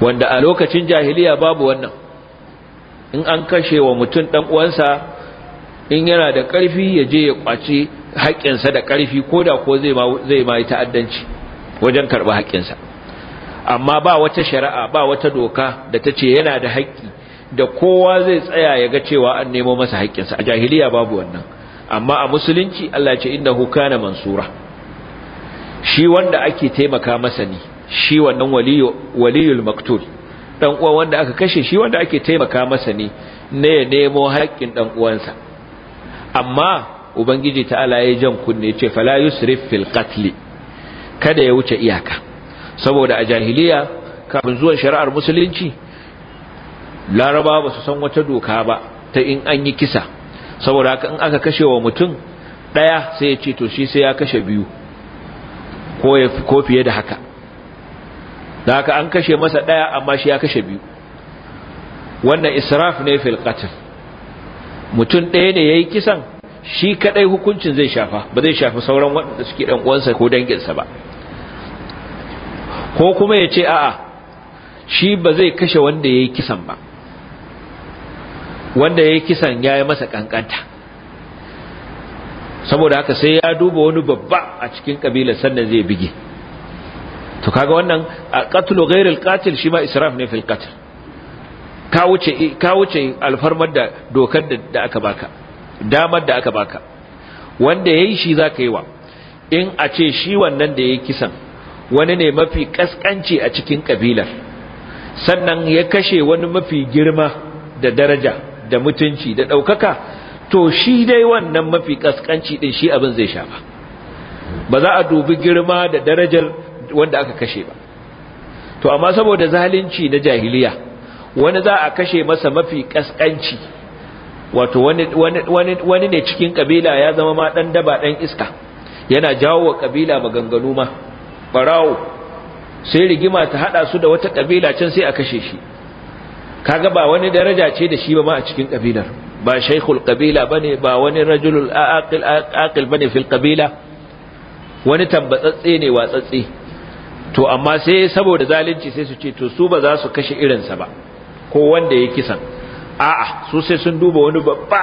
wanda a lokacin jahiliya babu wannan in an kashe wa mutum ɗan uwansa in yana da ƙarfi ya je ya kwaci haƙƙinsa da ƙarfi ko da ko zai ma yi ta'addanci wajen karɓi haƙƙinsa amma ba wata shari'a ba wata doka da ta ce yana da haƙƙi da kowa zai tsaya ya ga cewa an nemo masa haƙƙinsa a jahiliya babu wannan amma a musulunci Allah ce innahu kana mansura shi wanda ake taimaka masa ne shi wannan waliyul maktul dan uwa wanda aka kashe shi wanda ake taimaka masa ne ne ya nemo haƙƙin dan uwansa amma ubangiji ta'ala ya jan kunne ce fala yusrif fil qatl kada ya wuce iyaka saboda a jahiliya kafin zuwan shari'ar musulunci laraba ba su san wata doka ba ta in an yi kisa saboda in aka kashe wa mutum ɗaya sai ya ce to shi sai ya kashe biyu ko fiye da haka da haka an kashe masa ɗaya amma shi ya kashe biyu wannan israf ne fil qatl mutum ɗaya ne yayi kisan shi kaɗai hukuncin zai shafa ba zai shafi sauran waɗanda suke ɗan uwansa ko danginsa ba ko kuma ya ce a'a shi ba zai kashe wanda ya yi kisan ba wanda ya yi kisan ya yi masa kankanta saboda haka sai ya duba wani babba a cikin kabilar sannan zai bige to kaga wannan qatlu ghairil qatil shi ma israf ne fil qatl ka wuce ka alfarmar da dokar da aka baka damar da aka baka wanda yayi shi zaka yi wa in a ce shi wannan da yayi kisan wani ne mafi kaskanci a cikin kabilar sannan ya kashe wani mafi girma da daraja da mutunci da ɗaukaka to shi dai wannan mafi kaskanci ɗin shi abin zai sha ba za a dubi girma da darajar wanda aka kashe ba to amma saboda zalunci na jahiliya wani za a kashe masa mafi kaskanci wato wani ne cikin kabila ya zama ma ɗan daba ɗan iska yana jawo wa kabila maganganu ma barawo sai rigima ta hada su da wata kabila can sai a kashe shi kaga ba wani daraja ce da shi ba ma a cikin kabilar ba shaykhul kabila bane ba wani rajulul aqil aqil bane fil kabila wani tambatsatse ne watsatse to amma sai saboda zalunci sai su ce to su ba za su kashe irin sa ba ko wanda ya kisan a'a su sai sun duba wani babba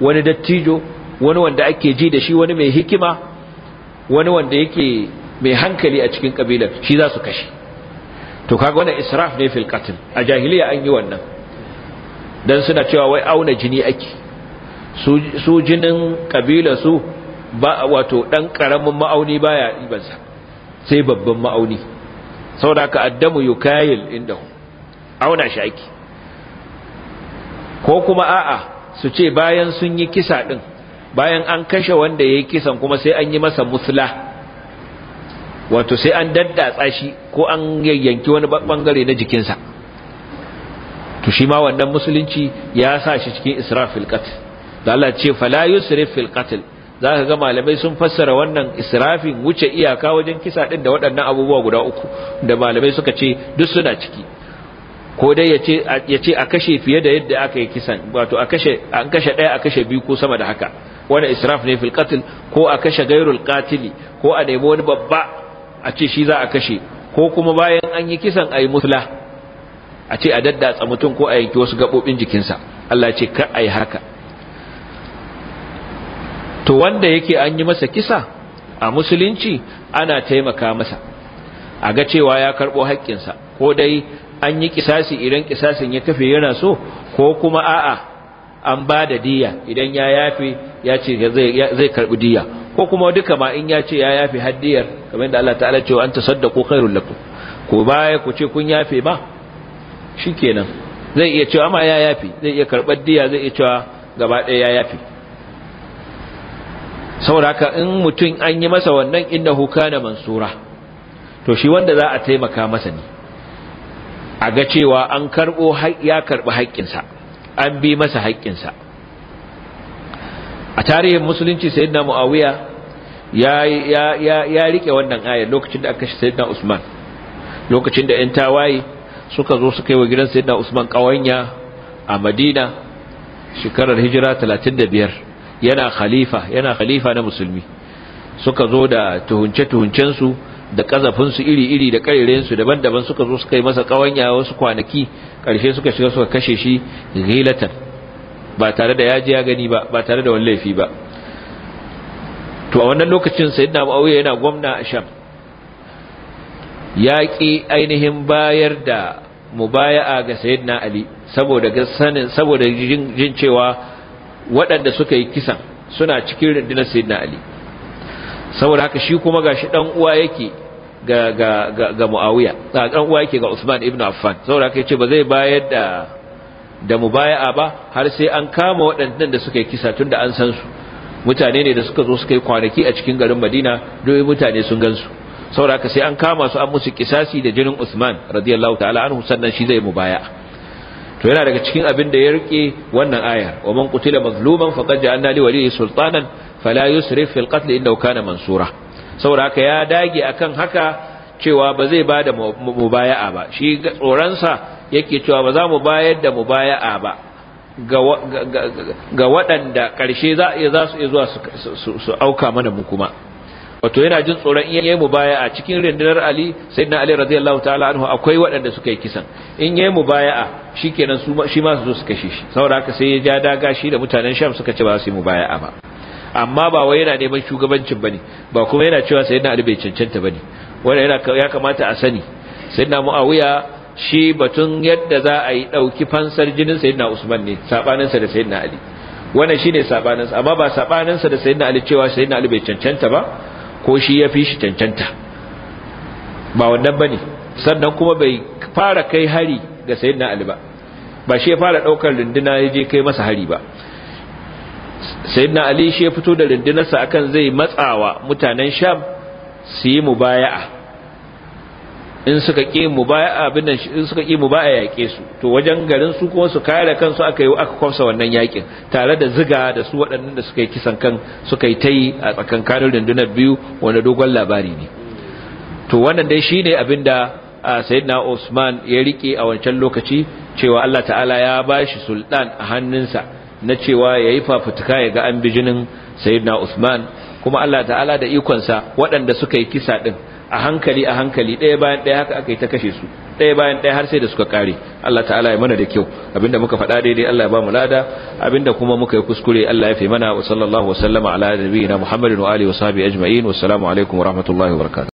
wani dattijo wani wanda ake ji da shi wani mai hikima wani wanda yake mai hankali a cikin kabilar shi za su kashe to kaga wannan israf ne fil qatl a jahiliya an yi wannan dan suna cewa wai auna jini ake su su jinin kabilar su ba wato dan karamin ma'auni baya ibansa sai babban ma'auni saboda ka addamu yukayil inda auna shi ake ko kuma a'a su ce bayan sun yi kisa din bayan an kashe wanda yayi kisan kuma sai an yi masa muslah wato sai an daddatsa shi ko an yayyanki wani bangare na jikinsa to shi ma wannan musulunci ya sa shi cikin israfil qatl da Allah ce fala yusrif fil qatl zaka ga malamai sun fassara wannan israfin wuce iyaka wajen kisa din da waɗannan abubuwa guda uku da malamai suka ce duk suna ciki ko dai yace yace a kashe fiye da yadda aka yi kisan wato a kashe an kashe ɗaya a kashe biyu ko sama da haka wani israf ne fil qatl ko a kashe gairul qatili ko a nemi wani babba a ce shi za a kashe ko kuma bayan an yi kisan ayi musla, a ce a daddatsa mutum ko a yanki wasu gaɓoɓin jikinsa Allah ce kar a yi haka to wanda yake an yi masa kisa a musulunci ana taimaka masa a ga cewa ya karɓo haƙƙinsa ko dai an yi kisasi idan kisasin ya kafe yana so ko kuma a'a an ba da diya idan ya yafe ya ce zai karɓi diya ko kuma duka ma in ya ce ya yafe haddiyar kamar yadda Allah ta'ala cewa an tasaddaqu khairul lakum ko baya ku ce kun yafe ba shikenan zai iya cewa ma ya yafe zai iya karbar diya zai iya cewa gaba ɗaya ya yafe saboda haka in mutum an yi masa wannan innahu kana mansura to shi wanda za a taimaka masa ne a ga cewa an karbo ya karbi haƙƙinsa an bi masa haƙƙinsa a tarihin musulunci sayyidina muawiya ya rike wannan ayar lokacin da aka kashe sayyidina Usman lokacin da ƴan tawaye suka zo suka yi wa gidan sayyidina Usman kawanya a Madina shekarar hijira 35 yana khalifa yana khalifa na musulmi suka zo da tuhunce tuhuncen su da kazafin iri iri da kariren su daban-daban suka zo suka yi masa kawanya wasu kwanaki karshe suka shiga suka kashe shi ghilatan ba tare da yaji ya gani ba ba tare da wani laifi ba to a wannan lokacin sayyidina muawiya yana gwamna a sham ya ainihin bayar da mubaya'a ga na ali saboda ga sanin saboda jin cewa waɗanda suka yi kisan suna cikin rundunar na ali saboda haka shi kuma gashi dan uwa yake ga ga ga, ga muawiya dan uwa yake ga usman ibn affan saboda haka yace ba zai bayar da da mubaya'a ba har sai an kama waɗannan da suka yi kisa tunda an san su mutane ne da suka zo suka yi kwanaki a cikin garin madina doyi mutane sun gansu saboda haka sai an kama su an musu kisasi da jinin usman radiyallahu ta'ala anhu sannan shi zai mubaya to yana daga cikin abin da ya rike wannan ayar wa man qutila mazluman faqad ja'alna li waliyyi sultanan fala yusrif fil qatl innahu kana mansura saboda ya dage akan haka cewa ba zai bada mubaya'a ba shi tsoransa yake cewa ba za mu bayar da mubaya'a ba ga waɗanda ƙarshe za a iya zuwa su auka mana mu kuma wato yana jin tsoron in yayi mubaya a cikin rindinar Ali sayyidina Ali radiyallahu ta'ala anhu akwai waɗanda suka yi kisan in yayi mubaya'a shikenan su shi ma su zo su kashe shi saboda haka sai ya ja da gashi da mutanen Sham suka ce ba su yi mu baya ba amma ba wai yana neman shugabancin bane ba kuma yana cewa sayyidina Ali bai cancanta bane wannan yana ya kamata a sani sayyidina Muawiya shi batun yadda za a yi ɗauki fansar jinin sayyidina usman ne saɓaninsa da sayyidina ali wannan shine saɓaninsa amma ba saɓaninsa da sayyidina ali cewa sayyidina ali bai cancanta ba ko shi ya fi shi cancanta ba wannan bane sannan kuma bai fara kai hari ga sayyidina ali ba ba shi ya fara daukar runduna ya je kai masa hari ba sayyidina ali shi ya fito da rundunarsa akan zai matsawa mutanen sham su yi mubaya'a in suka ƙi mu ba abin nan in suka ƙi mu yaƙe su to wajen garin su kuma su kare kansu aka yi aka kwafsa wannan yaƙin tare da ziga da su waɗannan da suka yi kisan kan suka yi tayi a tsakan tsakankanin rundunar biyu wanda dogon labari ne to wannan dai shine abin da sayyidina Usman ya rike a wancan lokaci cewa Allah ta'ala ya bashi sultan a hannunsa na cewa yayi fafutuka ya ga an bijinin sayyidina Usman kuma Allah ta'ala da ikonsa waɗanda suka yi kisa ɗin. a hankali a hankali ɗaya bayan ɗaya haka aka yi ta kashe su ɗaya bayan ɗaya har sai da suka kare Allah ta'ala ya mana da kyau abinda muka faɗa daidai Allah ya ba mu lada abinda kuma muka yi kuskure Allah ya fi mana wa sallallahu wa sallama ala Muhammadin wa alihi wa sahbihi ajma'in wassalamu alaikum wa rahmatullahi